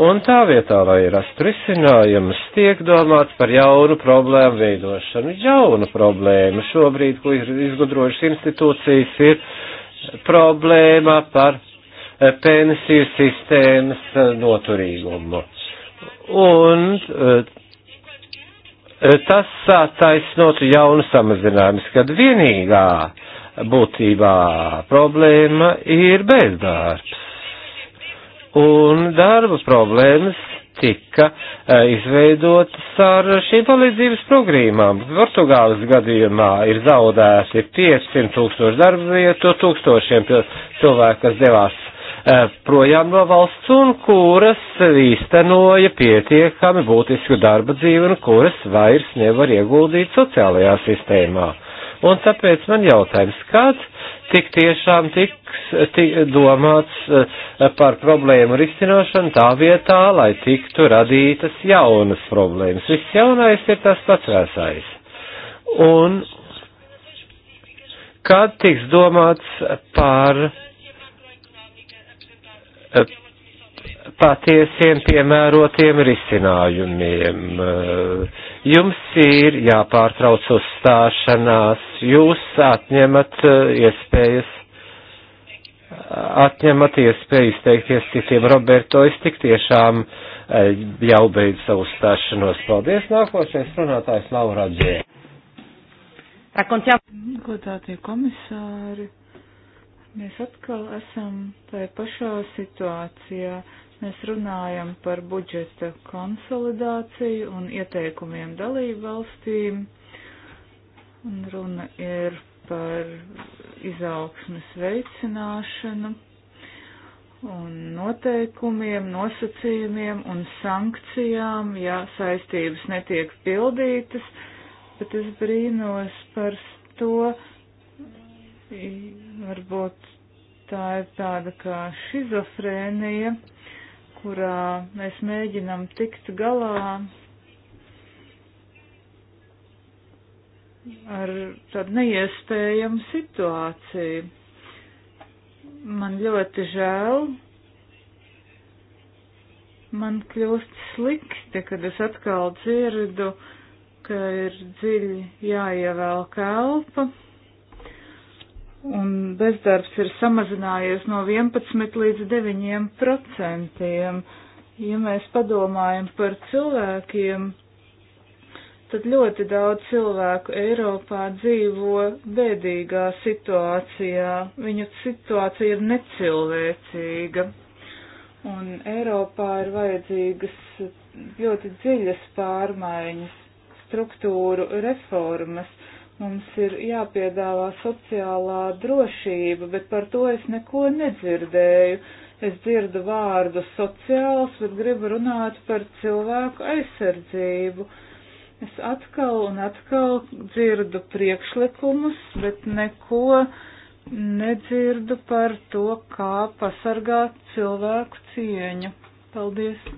Un tā vietā, lai rastu risinājumus, tiek domāts par jaunu problēmu veidošanu. Jauna problēma šobrīd, ko ir izgudrojušas institūcijas, ir problēma par eh, pensiju sistēmas eh, noturīgumu. Un eh, Eh, tas attaisnotu jaunu samazinājumus, kad vienīgā būtībā problēma ir bezdarbs. Un darba problēmas tika eh, izveidotas ar šīm palīdzības programmām. Portugāles gadījumā ir zaudēti 500 tūkstoši darba vietu, tūkstošiem cilvēku, kas devās Eh, projām no valsts un kuras īstenoja pietiekami būtisku darba dzīvi un kuras vairs nevar ieguldīt sociālajā sistēmā. Un tāpēc man jautājums, kad tik tiešām tiks tik domāts eh, par problēmu risināšanu tā vietā, lai tiktu radītas jaunas problēmas. Viss jaunais ir tas pats vēsājs. Un kad tiks domāts par patiesiem piemērotiem risinājumiem. Jums ir jāpārtrauc uzstāšanās, jūs atņemat eh, iespējas, atņemat iespēju izteikties citiem. Roberto, es tik tiešām eh, jau beidzu savu uzstāšanos. Paldies, nākošais runātājs Laura Džē. Godātie komisāri Mēs atkal esam tajā pašā situācijā. Mēs runājam par budžeta konsolidāciju un ieteikumiem dalību valstīm. Un runa ir par izaugsmes veicināšanu un noteikumiem, nosacījumiem un sankcijām, ja saistības netiek pildītas, bet es brīnos par to, Varbūt tā ir tāda kā šizofrēnija, kurā mēs mēģinam tikt galā ar tādu neiespējamu situāciju. Man ļoti žēl, man kļūst slikti, kad es atkal dzirdu, ka ir dziļi jāievēl kalpa un bezdarbs ir samazinājies no 11 līdz 9 procentiem. Ja mēs padomājam par cilvēkiem, tad ļoti daudz cilvēku Eiropā dzīvo bēdīgā situācijā. Viņu situācija ir necilvēcīga. Un Eiropā ir vajadzīgas ļoti dziļas pārmaiņas, struktūru reformas Mums ir jāpiedāvā sociālā drošība, bet par to es neko nedzirdēju. Es dzirdu vārdu sociāls, bet gribu runāt par cilvēku aizsardzību. Es atkal un atkal dzirdu priekšlikumus, bet neko nedzirdu par to, kā pasargāt cilvēku cieņu. Paldies!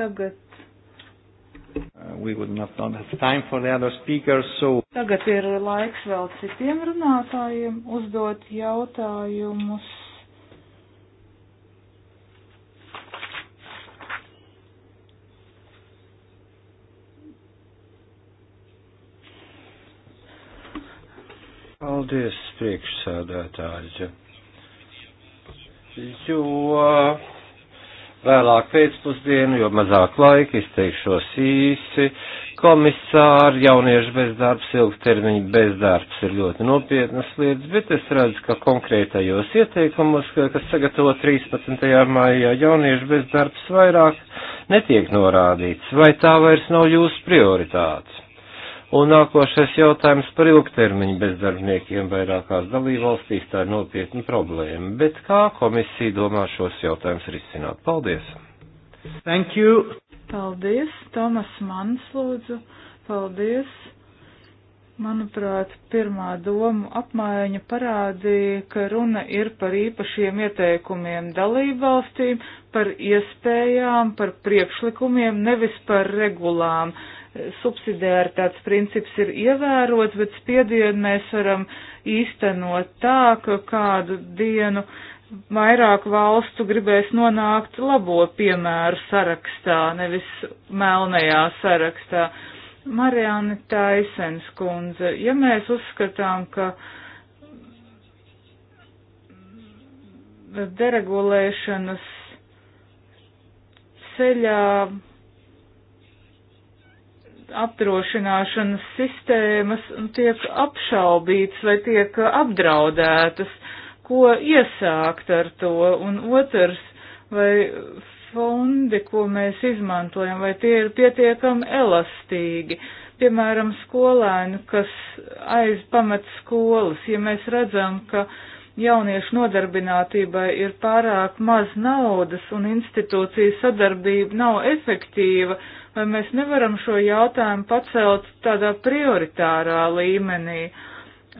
Tagad Uh, not, not speakers, so... Tagad ir laiks vēl citiem runātājiem uzdot jautājumus. Paldies, priekšsēdētāji. Jo vēlāk pēcpusdienu, jo mazāk laika izteikšos īsi. Komisāri, jauniešu bezdarbs, ilgtermiņa bezdarbs ir ļoti nopietnas lietas, bet es redzu, ka konkrētajos ieteikumos, kas sagatavo 13. maijā, jauniešu bezdarbs vairāk netiek norādīts, vai tā vairs nav jūsu prioritāte? Un nākošais jautājums par ilgtermiņu bezdarbniekiem vairākās dalībvalstīs tā ir nopietna problēma. Bet kā komisija domā šos jautājumus risināt? Paldies! Thank you! Paldies, Tomas Mans lūdzu. Paldies! Manuprāt, pirmā doma apmaiņa parādīja, ka runa ir par īpašiem ieteikumiem dalībvalstīm, par iespējām, par priekšlikumiem, nevis par regulām subsidiaritātes princips ir ievērots, bet spiedienu mēs varam īstenot tā, ka kādu dienu vairāk valstu gribēs nonākt labo piemēru sarakstā, nevis melnajā sarakstā. Marianne Taisens kundze, ja mēs uzskatām, ka deregulēšanas ceļā apdrošināšanas sistēmas tiek apšaubīts vai tiek apdraudētas, ko iesākt ar to, un otrs, vai fondi, ko mēs izmantojam, vai tie ir pietiekami elastīgi. Piemēram, skolēni, kas aizpamet skolas, ja mēs redzam, ka jauniešu nodarbinātībai ir pārāk maz naudas un institūcija sadarbība nav efektīva, vai mēs nevaram šo jautājumu pacelt tādā prioritārā līmenī.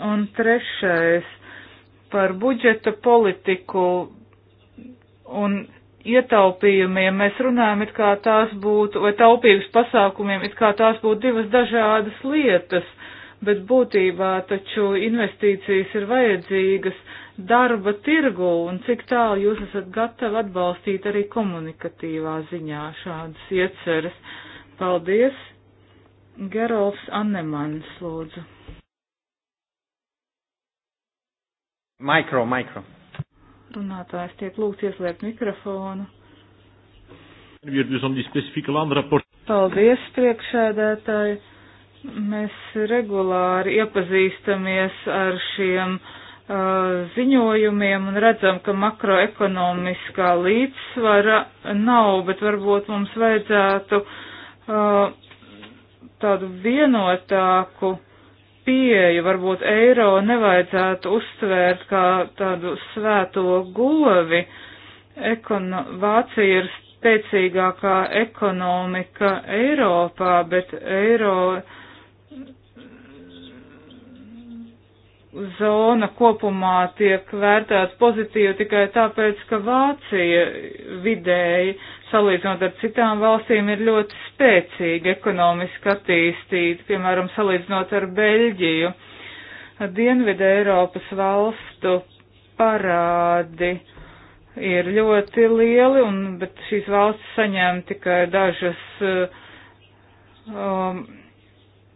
Un trešais par budžeta politiku un ietaupījumiem mēs runājam, it kā tās būtu, vai taupības pasākumiem, it kā tās būtu divas dažādas lietas, bet būtībā taču investīcijas ir vajadzīgas darba tirgu un cik tālu jūs esat gatavi atbalstīt arī komunikatīvā ziņā šādas ieceras. Paldies! Gerolfs Annemans, lūdzu. Mikro, mikro. Runātājs tiek lūgts ieslēgt mikrofonu. Paldies, priekšēdētāji. Mēs regulāri iepazīstamies ar šiem uh, ziņojumiem un redzam, ka makroekonomiskā līdzsvara nav, bet varbūt mums vajadzētu uh, Uh, tādu vienotāku pieeju, varbūt eiro nevajadzētu uzsvērt kā tādu svēto govi. Ekono, Vācija ir spēcīgākā ekonomika Eiropā, bet eiro zona kopumā tiek vērtēts pozitīvi tikai tāpēc, ka Vācija vidēji, salīdzinot ar citām valstīm, ir ļoti spēcīgi ekonomiski attīstīta, piemēram, salīdzinot ar Beļģiju. Dienvidu Eiropas valstu parādi ir ļoti lieli, un, bet šīs valstis saņem tikai dažas uh, um,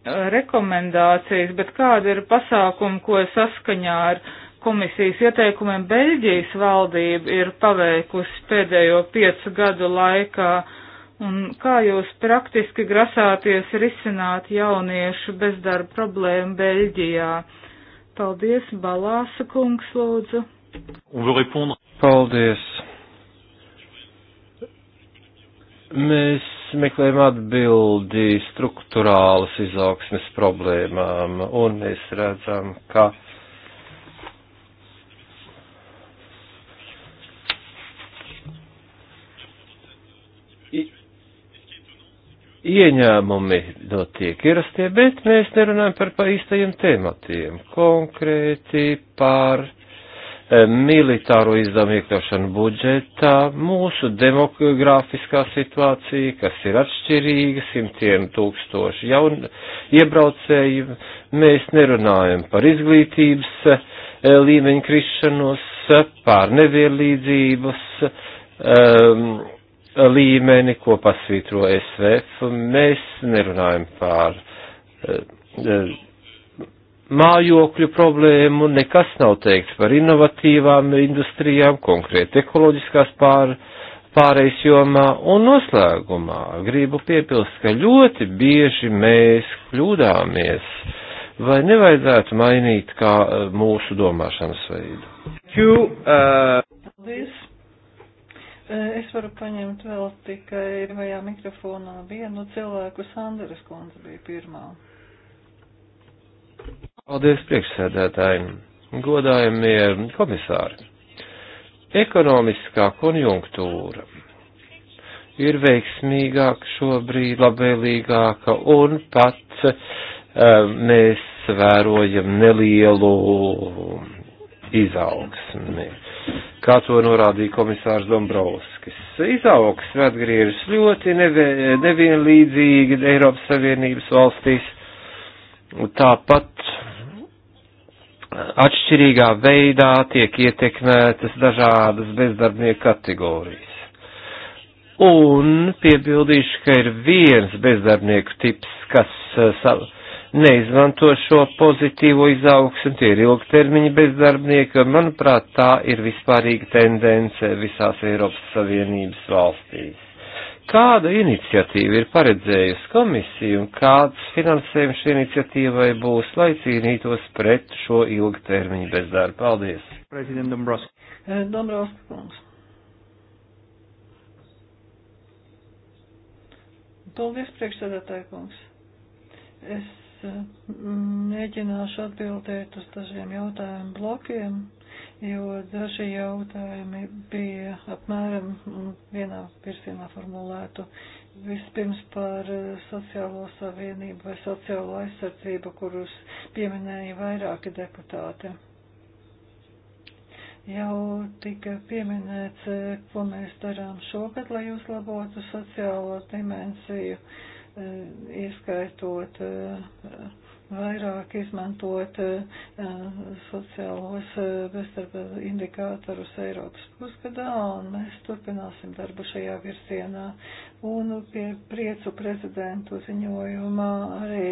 rekomendācijas, bet kāda ir pasākuma, ko saskaņā ar komisijas ieteikumiem Beļģijas valdība ir paveikusi pēdējo piecu gadu laikā, un kā jūs praktiski grasāties risināt jauniešu bezdarba problēmu Beļģijā? Paldies, Balāsa kungs, lūdzu. Paldies. Mēs meklējam atbildi struktūrālas izaugsmes problēmām, un mēs redzam, ka ieņēmumi notiek ierastie, bet mēs nerunājam par pa īstajiem tematiem, konkrēti par militāro izdevumu iekļaušanu budžetā, mūsu demografiskā situācija, kas ir atšķirīga, simtiem tūkstoši jaun iebraucēju, mēs nerunājam par izglītības e, līmeņu krišanos, par nevienlīdzības um, līmeni, ko pasvītro SVF, mēs nerunājam par um, mājokļu problēmu, nekas nav teikts par inovatīvām industrijām, konkrēti ekoloģiskās pār, pārejas jomā un noslēgumā. Gribu piepilst, ka ļoti bieži mēs kļūdāmies, vai nevajadzētu mainīt kā eh, mūsu domāšanas veidu. Q, uh... Eh, es varu paņemt vēl tikai vajā mikrofonā vienu cilvēku, Sanderas kundze bija pirmā. Paldies priekšsēdētājiem, godājumie komisāri. Ekonomiskā konjunktūra ir veiksmīgāka šobrīd, labvēlīgāka un pat um, mēs vērojam nelielu izaugsmi. Kā to norādīja komisārs Dombrovskis. Izaugsme atgriežas ļoti nevienlīdzīgi Eiropas Savienības valstīs. Tāpat atšķirīgā veidā tiek ietekmētas dažādas bezdarbnieku kategorijas. Un piebildīšu, ka ir viens bezdarbnieku tips, kas eh, savu neizmanto šo pozitīvo izaugsmu, tie ir ilgtermiņa bezdarbnieki, un, manuprāt, tā ir vispārīga tendence visās Eiropas Savienības valstīs. Kāda iniciatīva ir paredzējusi komisija un kāds finansējums šī iniciatīvai būs, lai cīnītos pret šo ilgtermiņu bezdarbu? Paldies! Prezident Dombrovski. Eh, Dombrovski kungs. Paldies, priekšsēdētāji kungs. Es eh, mēģināšu atbildēt uz dažiem jautājumu blokiem jo daži jautājumi bija apmēram vienā pirsienā formulētu. Vispirms par eh, sociālo savienību vai sociālo aizsardzību, kurus pieminēja vairāki deputāti. Jau tika pieminēts, eh, ko mēs darām šogad, lai uzlabotu sociālo dimensiju, eh, ieskaitot vairāk izmantot eh, sociālos eh, bezdarba indikātorus Eiropas pusgadā, un mēs turpināsim darbu šajā virzienā. Un pie priecu prezidentu ziņojumā arī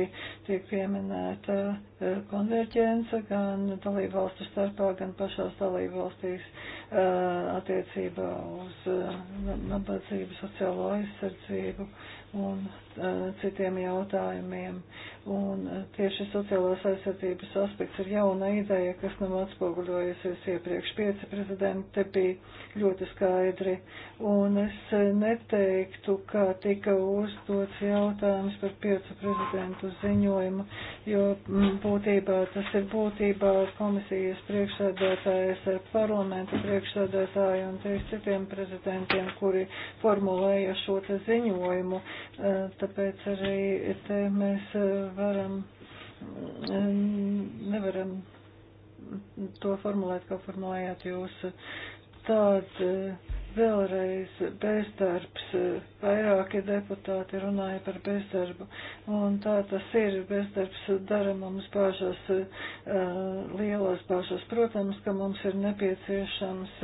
tiek pieminēta eh, konverģence gan dalību valstu starpā, gan pašās dalību valstīs attiecībā uz nabadzību, sociālo aizsardzību un Eh, citiem jautājumiem. Un eh, tieši sociālās aizsardzības aspekts ir jauna ideja, kas nav atspoguļojusies iepriekš. Pieci prezidenti bija ļoti skaidri, un es neteiktu, ka tika uzdots jautājums par piecu prezidentu ziņojumu, jo mm, būtībā tas ir būtībā komisijas priekšsēdētājas ar eh, parlamentu priekšsēdētāju un tieši citiem prezidentiem, kuri formulēja šo te ziņojumu tāpēc arī te mēs varam, mm, nevaram to formulēt, kā formulējāt jūs. Tād Vēlreiz bezdarbs, vairāki deputāti runāja par bezdarbu, un tā tas ir, bezdarbs dara mums bāžas, eh, lielas bāžas. Protams, ka mums ir nepieciešams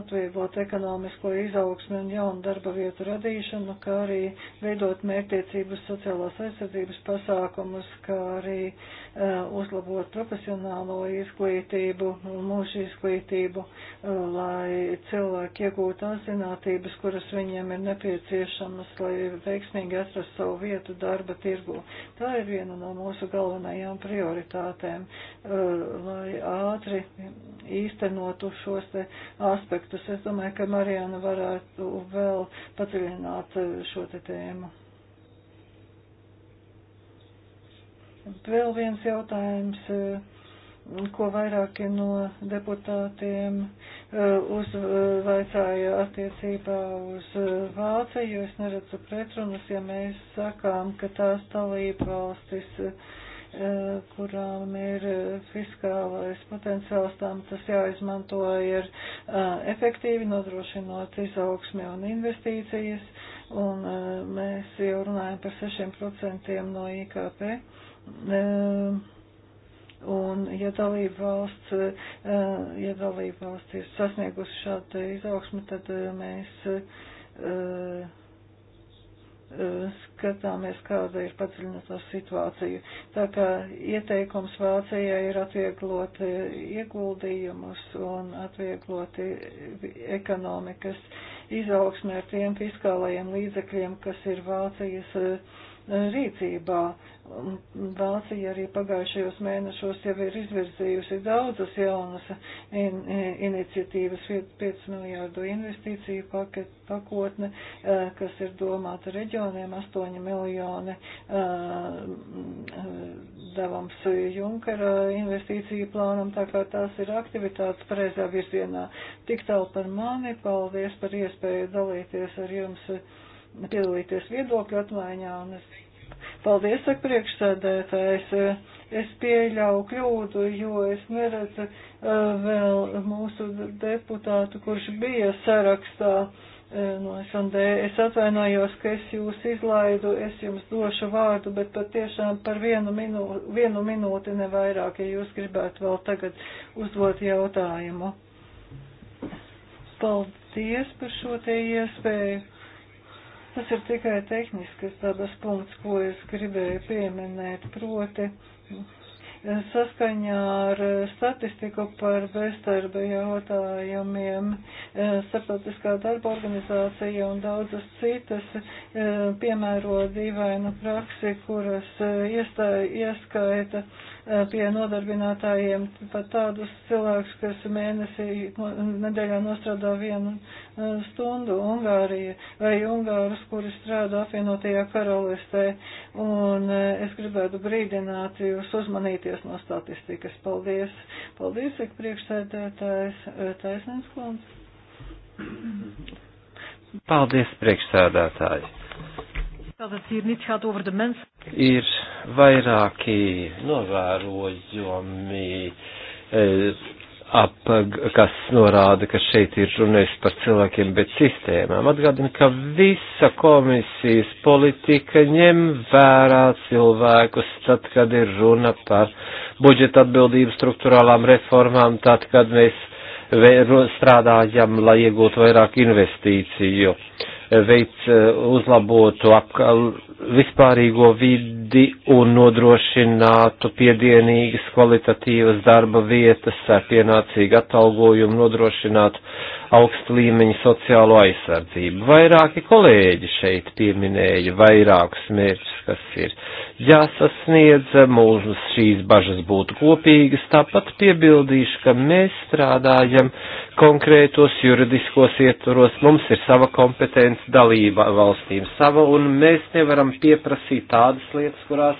atvieglot ekonomisko izaugsmi un jaunu darba vietu radīšanu, kā arī veidot mērķtiecības sociālās aizsardzības pasākumus, kā arī eh, uzlabot profesionālo izglītību, mūža izglītību, eh, lai cilvēki iegūtu precizētās zinātības, kuras viņiem ir nepieciešamas, lai veiksmīgi atrastu savu vietu darba tirgu. Tā ir viena no mūsu galvenajām prioritātēm, eh, lai ātri īstenotu šos te aspektus. Es domāju, ka Marijana varētu vēl padziļināt eh, šo te tēmu. Vēl viens jautājums, eh, ko vairāki no deputātiem uh, Eh, uzvaicāja eh, attiecībā uz eh, Vāciju. Es neredzu pretrunas, ja mēs sakām, ka tās dalība valstis, kurām ir fiskālais potenciāls, tām tas jāizmanto ir efektīvi, nodrošinot izaugsmi un investīcijas. Un mēs jau runājam par 6% no IKP. Un, ja dalība valsts, eh, ja dalība valsts ir sasniegusi šādu izaugsmu, tad eh, mēs eh, skatāmies, kāda ir padziļinātā situācija. Tā kā ieteikums Vācijai ir atvieglot ieguldījumus un atvieglot ekonomikas izaugsmē ar tiem fiskālajiem līdzekļiem, kas ir Vācijas rīcībā. Vācija arī pagājušajos mēnešos jau ir izvirzījusi daudzas jaunas in, iniciatīvas, 5 miljārdu investīciju paket, pakotne, kas ir domāta reģioniem, 8 miljoni devams Junkara investīciju plānam, tā kā tās ir aktivitātes pareizā virzienā. Tik tālu par mani, paldies par iespēju dalīties ar jums, piedalīties viedokļu apmaiņā, un es Paldies, saka priekšsēdētājs. Es pieļauju kļūdu, jo es neredzu uh, vēl mūsu deputātu, kurš bija sarakstā uh, no SND. Es atvainojos, ka es jūs izlaidu, es jums došu vārdu, bet patiešām par vienu, minū, vienu minūti nevairāk, ja jūs gribētu vēl tagad uzdot jautājumu. Paldies par šo te iespēju Tas ir tikai tehniskas dabas punkts, ko es gribēju pieminēt, proti saskaņā ar statistiku par bezdarba jautājumiem eh, Starptautiskā darba organizācija un daudzas citas eh, piemēro dīvainu praksi, kuras eh, ieskaita Eh, pie nodarbinātājiem pat tādus cilvēkus, kas mēnesī nedēļā nostrādā vienu eh, stundu Ungārija vai Ungārus, kuri strādā apvienotajā karalistē. Un eh, es gribētu brīdināt jūs uzmanīties no statistikas. Paldies! Paldies, ik priekšsēdētājs Taisnēns Klons. Paldies, priekšsēdētāji! Ir vairāki novērojumi, e, ap, kas norāda, ka šeit ir runājis par cilvēkiem, bet sistēmām. Atgādina, ka visa komisijas politika ņem vērā cilvēkus, tad, kad ir runa par budžeta atbildību struktūrālām reformām, tad, kad mēs strādājam, lai iegūtu vairāk investīciju, veic eh, uzlabotu apkal vispārīgo vidi un nodrošinātu piedienīgas kvalitatīvas darba vietas ar pienācīgu atalgojumu, nodrošinātu augstu līmeņu sociālo aizsardzību. Vairāki kolēģi šeit pieminēja vairākus mērķus, kas ir jāsasniedz, mums šīs bažas būtu kopīgas, tāpat piebildīšu, ka mēs strādājam konkrētos juridiskos ietvaros, mums ir sava kompetence dalība valstīm sava, un mēs nevaram varam pieprasīt tādas lietas, kurās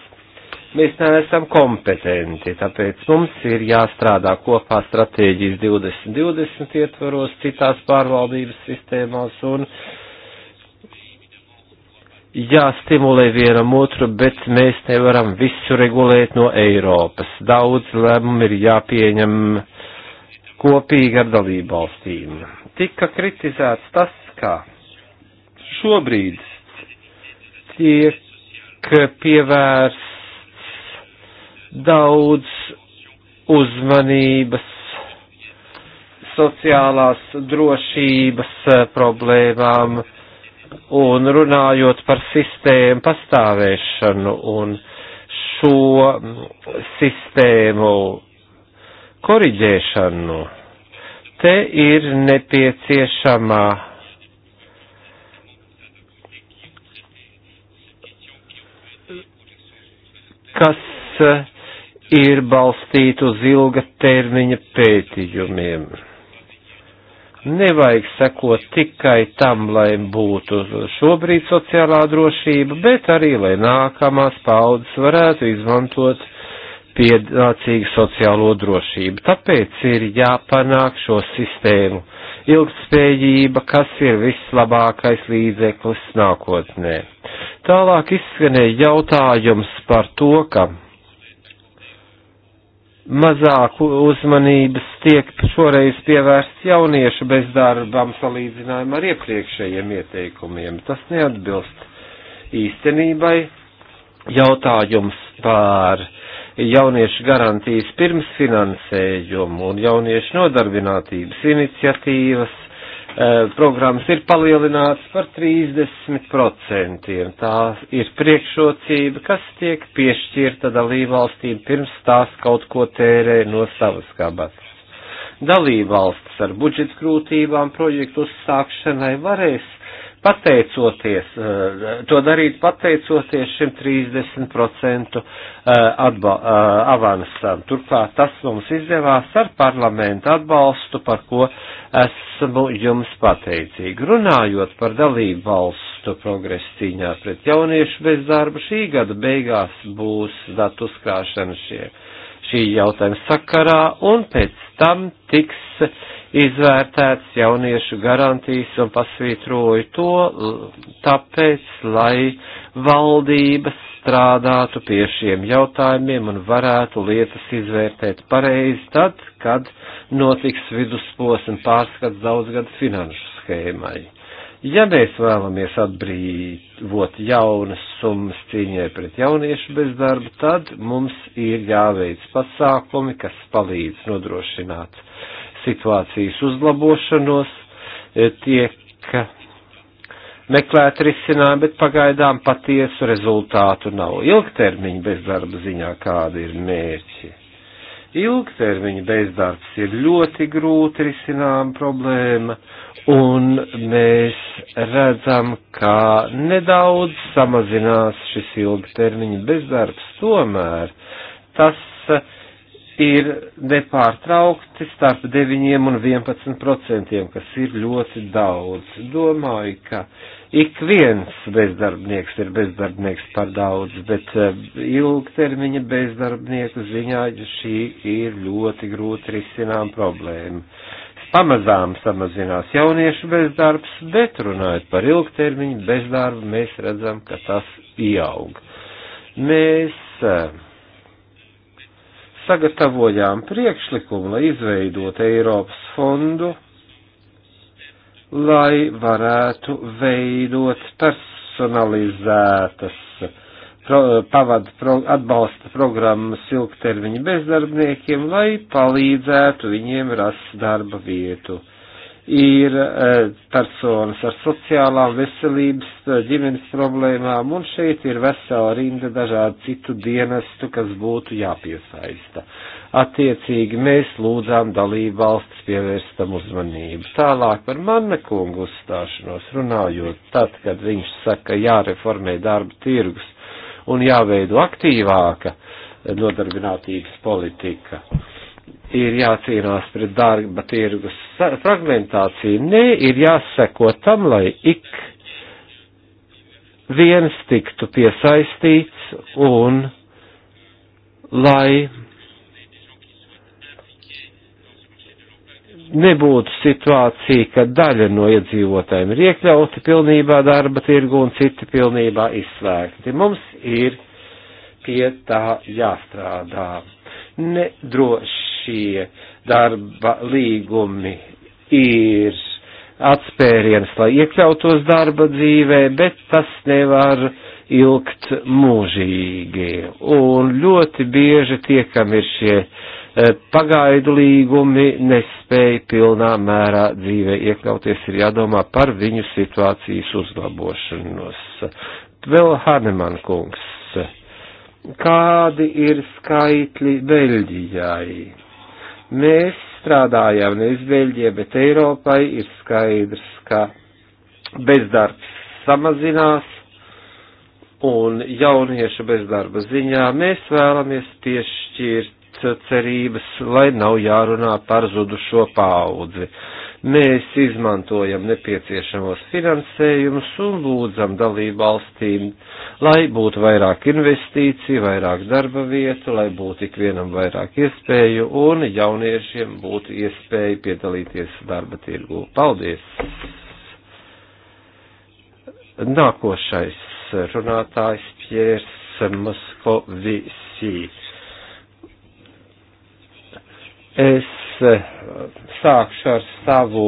mēs neesam kompetenti, tāpēc mums ir jāstrādā kopā stratēģijas 2020 ietvaros, citās pārvaldības sistēmās un jāstimulē vienam otru, bet mēs nevaram visu regulēt no Eiropas. Daudz lēmumu ir jāpieņem kopīgi ar dalību valstīm. Tika kritizēts tas, kā šobrīd tiek pievērsts daudz uzmanības sociālās drošības eh, problēmām un runājot par sistēmu pastāvēšanu un šo mm, sistēmu koriģēšanu. Te ir nepieciešama kas eh, ir balstīta uz ilga termiņa pētījumiem. Nevajag sekot tikai tam, lai būtu šobrīd sociālā drošība, bet arī, lai nākamās paudzes varētu izmantot pienācīgu sociālo drošību. Tāpēc ir jāpanāk šo sistēmu ilgspējība, kas ir vislabākais līdzeklis nākotnē. Tālāk izskanēja jautājums par to, ka mazāk uzmanības tiek šoreiz pievērsts jauniešu bezdarbam salīdzinājumā ar iepriekšējiem ieteikumiem. Tas neatbilst īstenībai. Jautājums par uh, jauniešu garantijas pirms finansējumu un jauniešu nodarbinātības iniciatīvas e, programmas ir palielināts par 30%. Tā ir priekšrocība, kas tiek piešķirta dalībvalstīm pirms tās kaut ko tērē no savas kabatas. Dalībvalstis ar budžets grūtībām projektu uzsākšanai varēs pateicoties, eh, to darīt pateicoties šim 30% eh, atba, eh, avansam. Turklāt tas mums izdevās ar parlamentu atbalstu, par ko esmu jums pateicīgi. Runājot par dalību valstu progresu cīņā pret jauniešu bezdarbu, šī gada beigās būs datu uzkrāšana šie, šī jautājuma sakarā un pēc tam tiks izvērtēts jauniešu garantijas un pasvītroju to tāpēc, lai valdības strādātu pie šiem jautājumiem un varētu lietas izvērtēt pareizi tad, kad notiks vidusposma pārskats daudzgadu finanšu schēmai. Ja mēs vēlamies atbrīvot jaunas summas cīņai pret jauniešu bezdarbu, tad mums ir jāveic pasākumi, kas palīdz nodrošināt situācijas uzlabošanos, e, tiek meklēt risinājumu, bet pagaidām patiesu rezultātu nav. Ilgtermiņa bezdarba ziņā kādi ir mērķi? Ilgtermiņa bezdarbs ir ļoti grūti risinām problēma, un mēs redzam, ka nedaudz samazinās šis ilgtermiņa bezdarbs. Tomēr tas uh, ir nepārtraukti starp 9 un 11 procentiem, kas ir ļoti daudz. Domāju, ka ik viens bezdarbnieks ir bezdarbnieks par daudz, bet eh, ilgtermiņa bezdarbnieku ziņā šī ir ļoti grūti risinām problēma. Pamazām samazinās jauniešu bezdarbs, bet runājot par ilgtermiņu bezdarbu, mēs redzam, ka tas pieaug. Mēs uh, sagatavojām priekšlikumu, lai izveidot Eiropas fondu, lai varētu veidot personalizētas pro, pavadu pro, atbalsta programmas ilgtermiņa bezdarbniekiem, lai palīdzētu viņiem rast darba vietu. Uh, ir e, personas ar sociālām veselības, e, ģimenes problēmām, un šeit ir vesela rinda dažādu citu dienestu, kas būtu jāpiesaista. Attiecīgi mēs lūdzām dalību valsts pievērstam uzmanību. Tālāk par manne kungu uzstāšanos runājot, tad, kad viņš saka jāreformē darba tirgus un jāveido aktīvāka nodarbinātības politika. Uh, ir jācīnās pret darba tirgus fragmentāciju. Nē, ir jāseko tam, lai ik viens tiktu piesaistīts un lai nebūtu situācija, ka daļa no iedzīvotājiem ir iekļauti pilnībā darba tirgu un citi pilnībā izslēgti. Mums ir pie tā jāstrādā. Nedroši šie darba līgumi ir atspēriens, lai iekļautos darba dzīvē, bet tas nevar ilgt mūžīgi. Un ļoti bieži tie, kam ir šie e, pagaidu līgumi, nespēja pilnā mērā dzīvē iekļauties, ir jādomā par viņu situācijas uzlabošanos. Vēl Haneman kungs, kādi ir skaitļi Beļģijai? Mēs strādājām nevis Beļģijai, bet Eiropai ir skaidrs, ka bezdarbs samazinās un jauniešu bezdarba ziņā mēs vēlamies piešķirt cerības, lai nav jārunā par zudušo paudzi. Uh, Mēs izmantojam nepieciešamos finansējumus un lūdzam dalību valstīm, lai būtu vairāk investīciju, vairāk darba vietu, lai būtu ikvienam vairāk iespēju un jauniešiem būtu iespēja piedalīties darba tirgū. Paldies! Nākošais runātājs Piers Moskovisī. Es Eh, sākšu ar savu,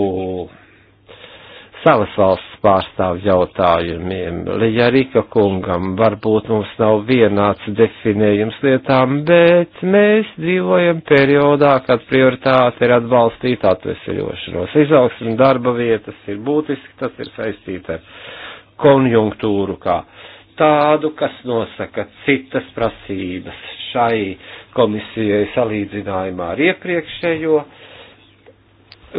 savas valsts pārstāvu jautājumiem. Leja Rika kungam varbūt mums nav vienāds definējums lietām, bet mēs dzīvojam periodā, kad prioritāte ir atbalstīt atveseļošanos. Izaugsmi darba vietas ir būtiski, tas ir saistīts ar konjunktūru kā tādu, kas nosaka citas prasības šai komisijai salīdzinājumā ar iepriekšējo,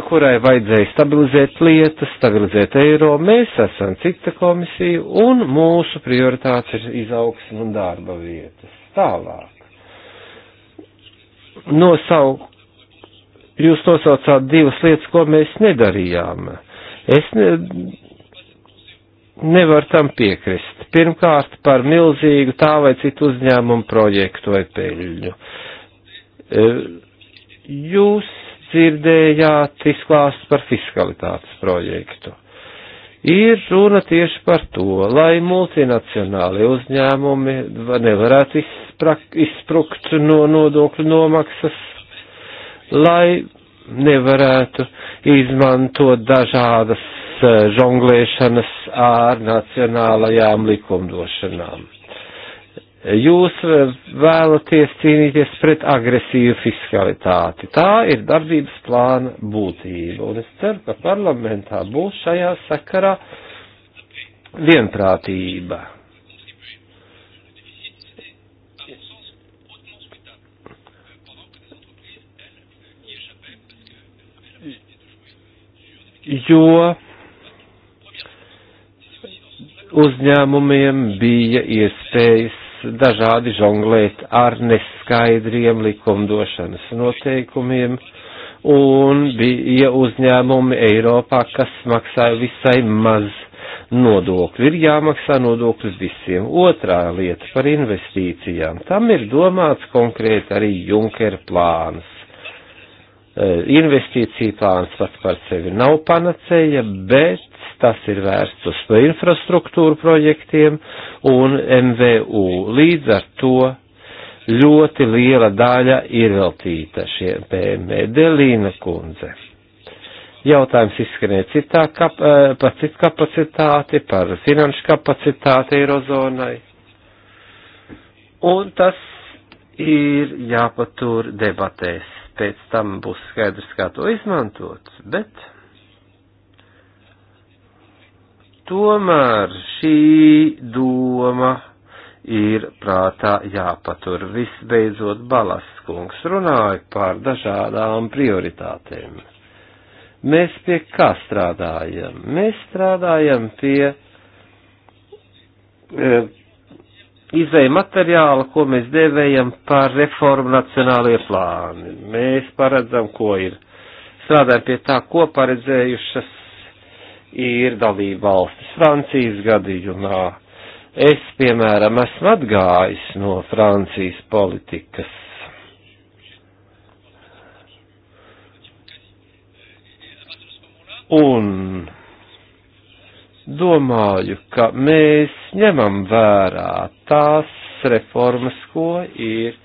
kurai vajadzēja stabilizēt lietas, stabilizēt eiro. Mēs esam cita komisija un mūsu prioritāts ir izaugsme un darba vietas. Tālāk. Nosauk, jūs nosaucāt divas lietas, ko mēs nedarījām. Es ne, nevar tam piekrist. Pirmkārt, par milzīgu tā vai citu uzņēmumu projektu vai peļņu. E, jūs dzirdējāt izklāsts par fiskalitātes projektu. Ir runa tieši par to, lai multinacionāli uzņēmumi nevarētu izsprukt no nodokļu nomaksas, lai nevarētu izmantot dažādas žonglēšanas ar nacionālajām likumdošanām. Jūs vēlaties cīnīties pret agresīvu fiskalitāti. Tā ir darbības plāna būtība, un es ceru, ka parlamentā būs šajā sakarā vienprātība. jo uzņēmumiem bija iespējas dažādi žonglēt ar neskaidriem likumdošanas noteikumiem, un bija uzņēmumi Eiropā, kas maksāja visai maz nodokļu. Ir jāmaksā nodokļus visiem. Otrā lieta par investīcijām. Tam ir domāts konkrēti arī Junker plāns. Eh, investīcija plāns pats par sevi nav panacēja, bet tas ir vērsts uz infrastruktūru projektiem un MVU. Līdz ar to ļoti liela daļa ir veltīta šiem PME. Delīna kundze. Jautājums izskanēja citā kap, eh, par citu kapacitāti, par finanšu kapacitāti Eirozonai. Un tas ir jāpatur debatēs. Pēc tam būs skaidrs, kā to izmantot, bet Tomēr šī doma ir prātā jāpatur. Visbeidzot, Balasts kungs runāja par dažādām prioritātēm. Mēs pie kā strādājam? Mēs strādājam pie e, izēja materiāla, ko mēs devējam par reformu nacionālajie plāni. Mēs paredzam, ko ir. Strādājam pie tā, ko paredzējušas ir dalība valstis Francijas gadījumā. Es, piemēram, esmu atgājis no Francijas politikas. Un domāju, ka mēs ņemam vērā tās reformas, ko ir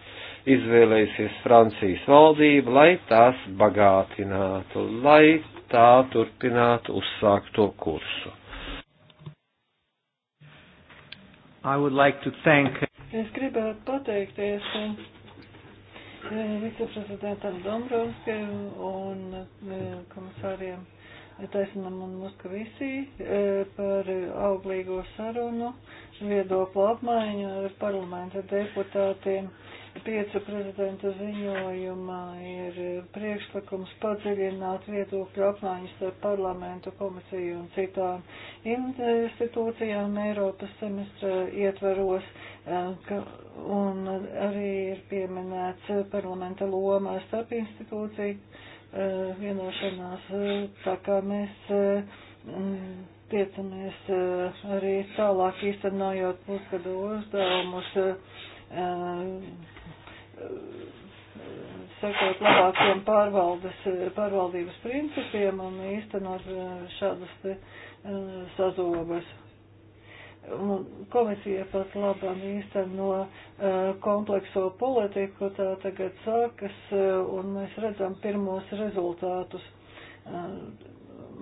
izvēlējusies Francijas valdība, lai tās bagātinātu, lai tā turpinātu uzsākt to kursu. Like thank... Es gribētu pateikties eh, viceprezidentam Dombrovskim un eh, komisāriem Taisanam un Muskavisī eh, par auglīgo sarunu, viedoklu apmaiņu ar parlamenta deputātiem piecu prezidentu ziņojumā ir priekšlikums padziļināt viedokļu apmaiņas ar parlamentu komisiju un citām institūcijām Eiropas semestra ietvaros, eh, un arī ir pieminēts parlamenta lomā starp institūciju eh, vienošanās, tā kā mēs eh, tiecamies arī tālāk īstenojot pusgadu uzdevumus sekot labākiem pārvaldes, pārvaldības principiem un īstenot eh, šādas te eh, sazobas. Komisija pat labam īsteno eh, komplekso politiku, tā tagad sākas, un mēs redzam pirmos rezultātus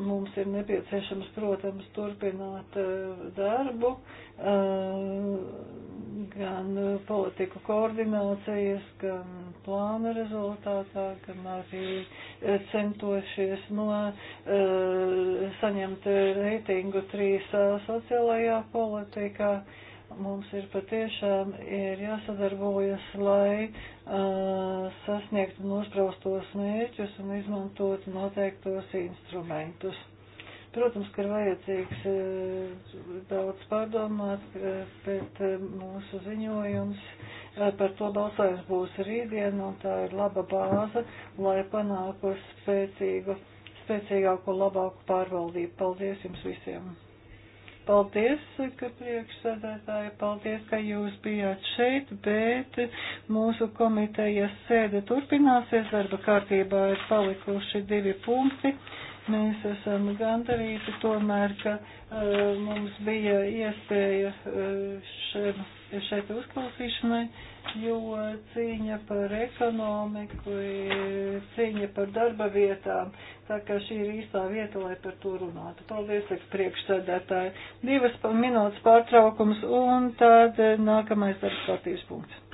mums ir nepieciešams, protams, turpināt eh, darbu, eh, gan politiku koordinācijas, gan plāna rezultātā, gan arī eh, centošies no saņemt reitingu trīs sociālajā politikā. Mums ir patiešām ir jāsadarbojas, lai uh, sasniegtu nospraustos mērķus un izmantotu noteiktos instrumentus. Protams, ka ir vajadzīgs daudz pārdomāt, bet mūsu ziņojums par to balsojums būs rītdien, un tā ir laba bāze, lai panāktu spēcīgu, spēcīgāku, labāku pārvaldību. Paldies jums visiem! Paldies, ka priekšsēdētāji, paldies, ka jūs bijāt šeit, bet mūsu komitejas sēde turpināsies, darba kārtībā ir palikuši divi punkti. Mēs esam gandarīti tomēr, ka uh, mums bija iespēja uh, šeit šai uzklausīšanai, jo cīņa par ekonomiku, cīņa par darba vietām, tā kā šī ir īstā vieta, lai par to runātu. Paldies, saka priekšsēdētāji. Divas minūtes pārtraukums un tad nākamais darbs kārtības punkts.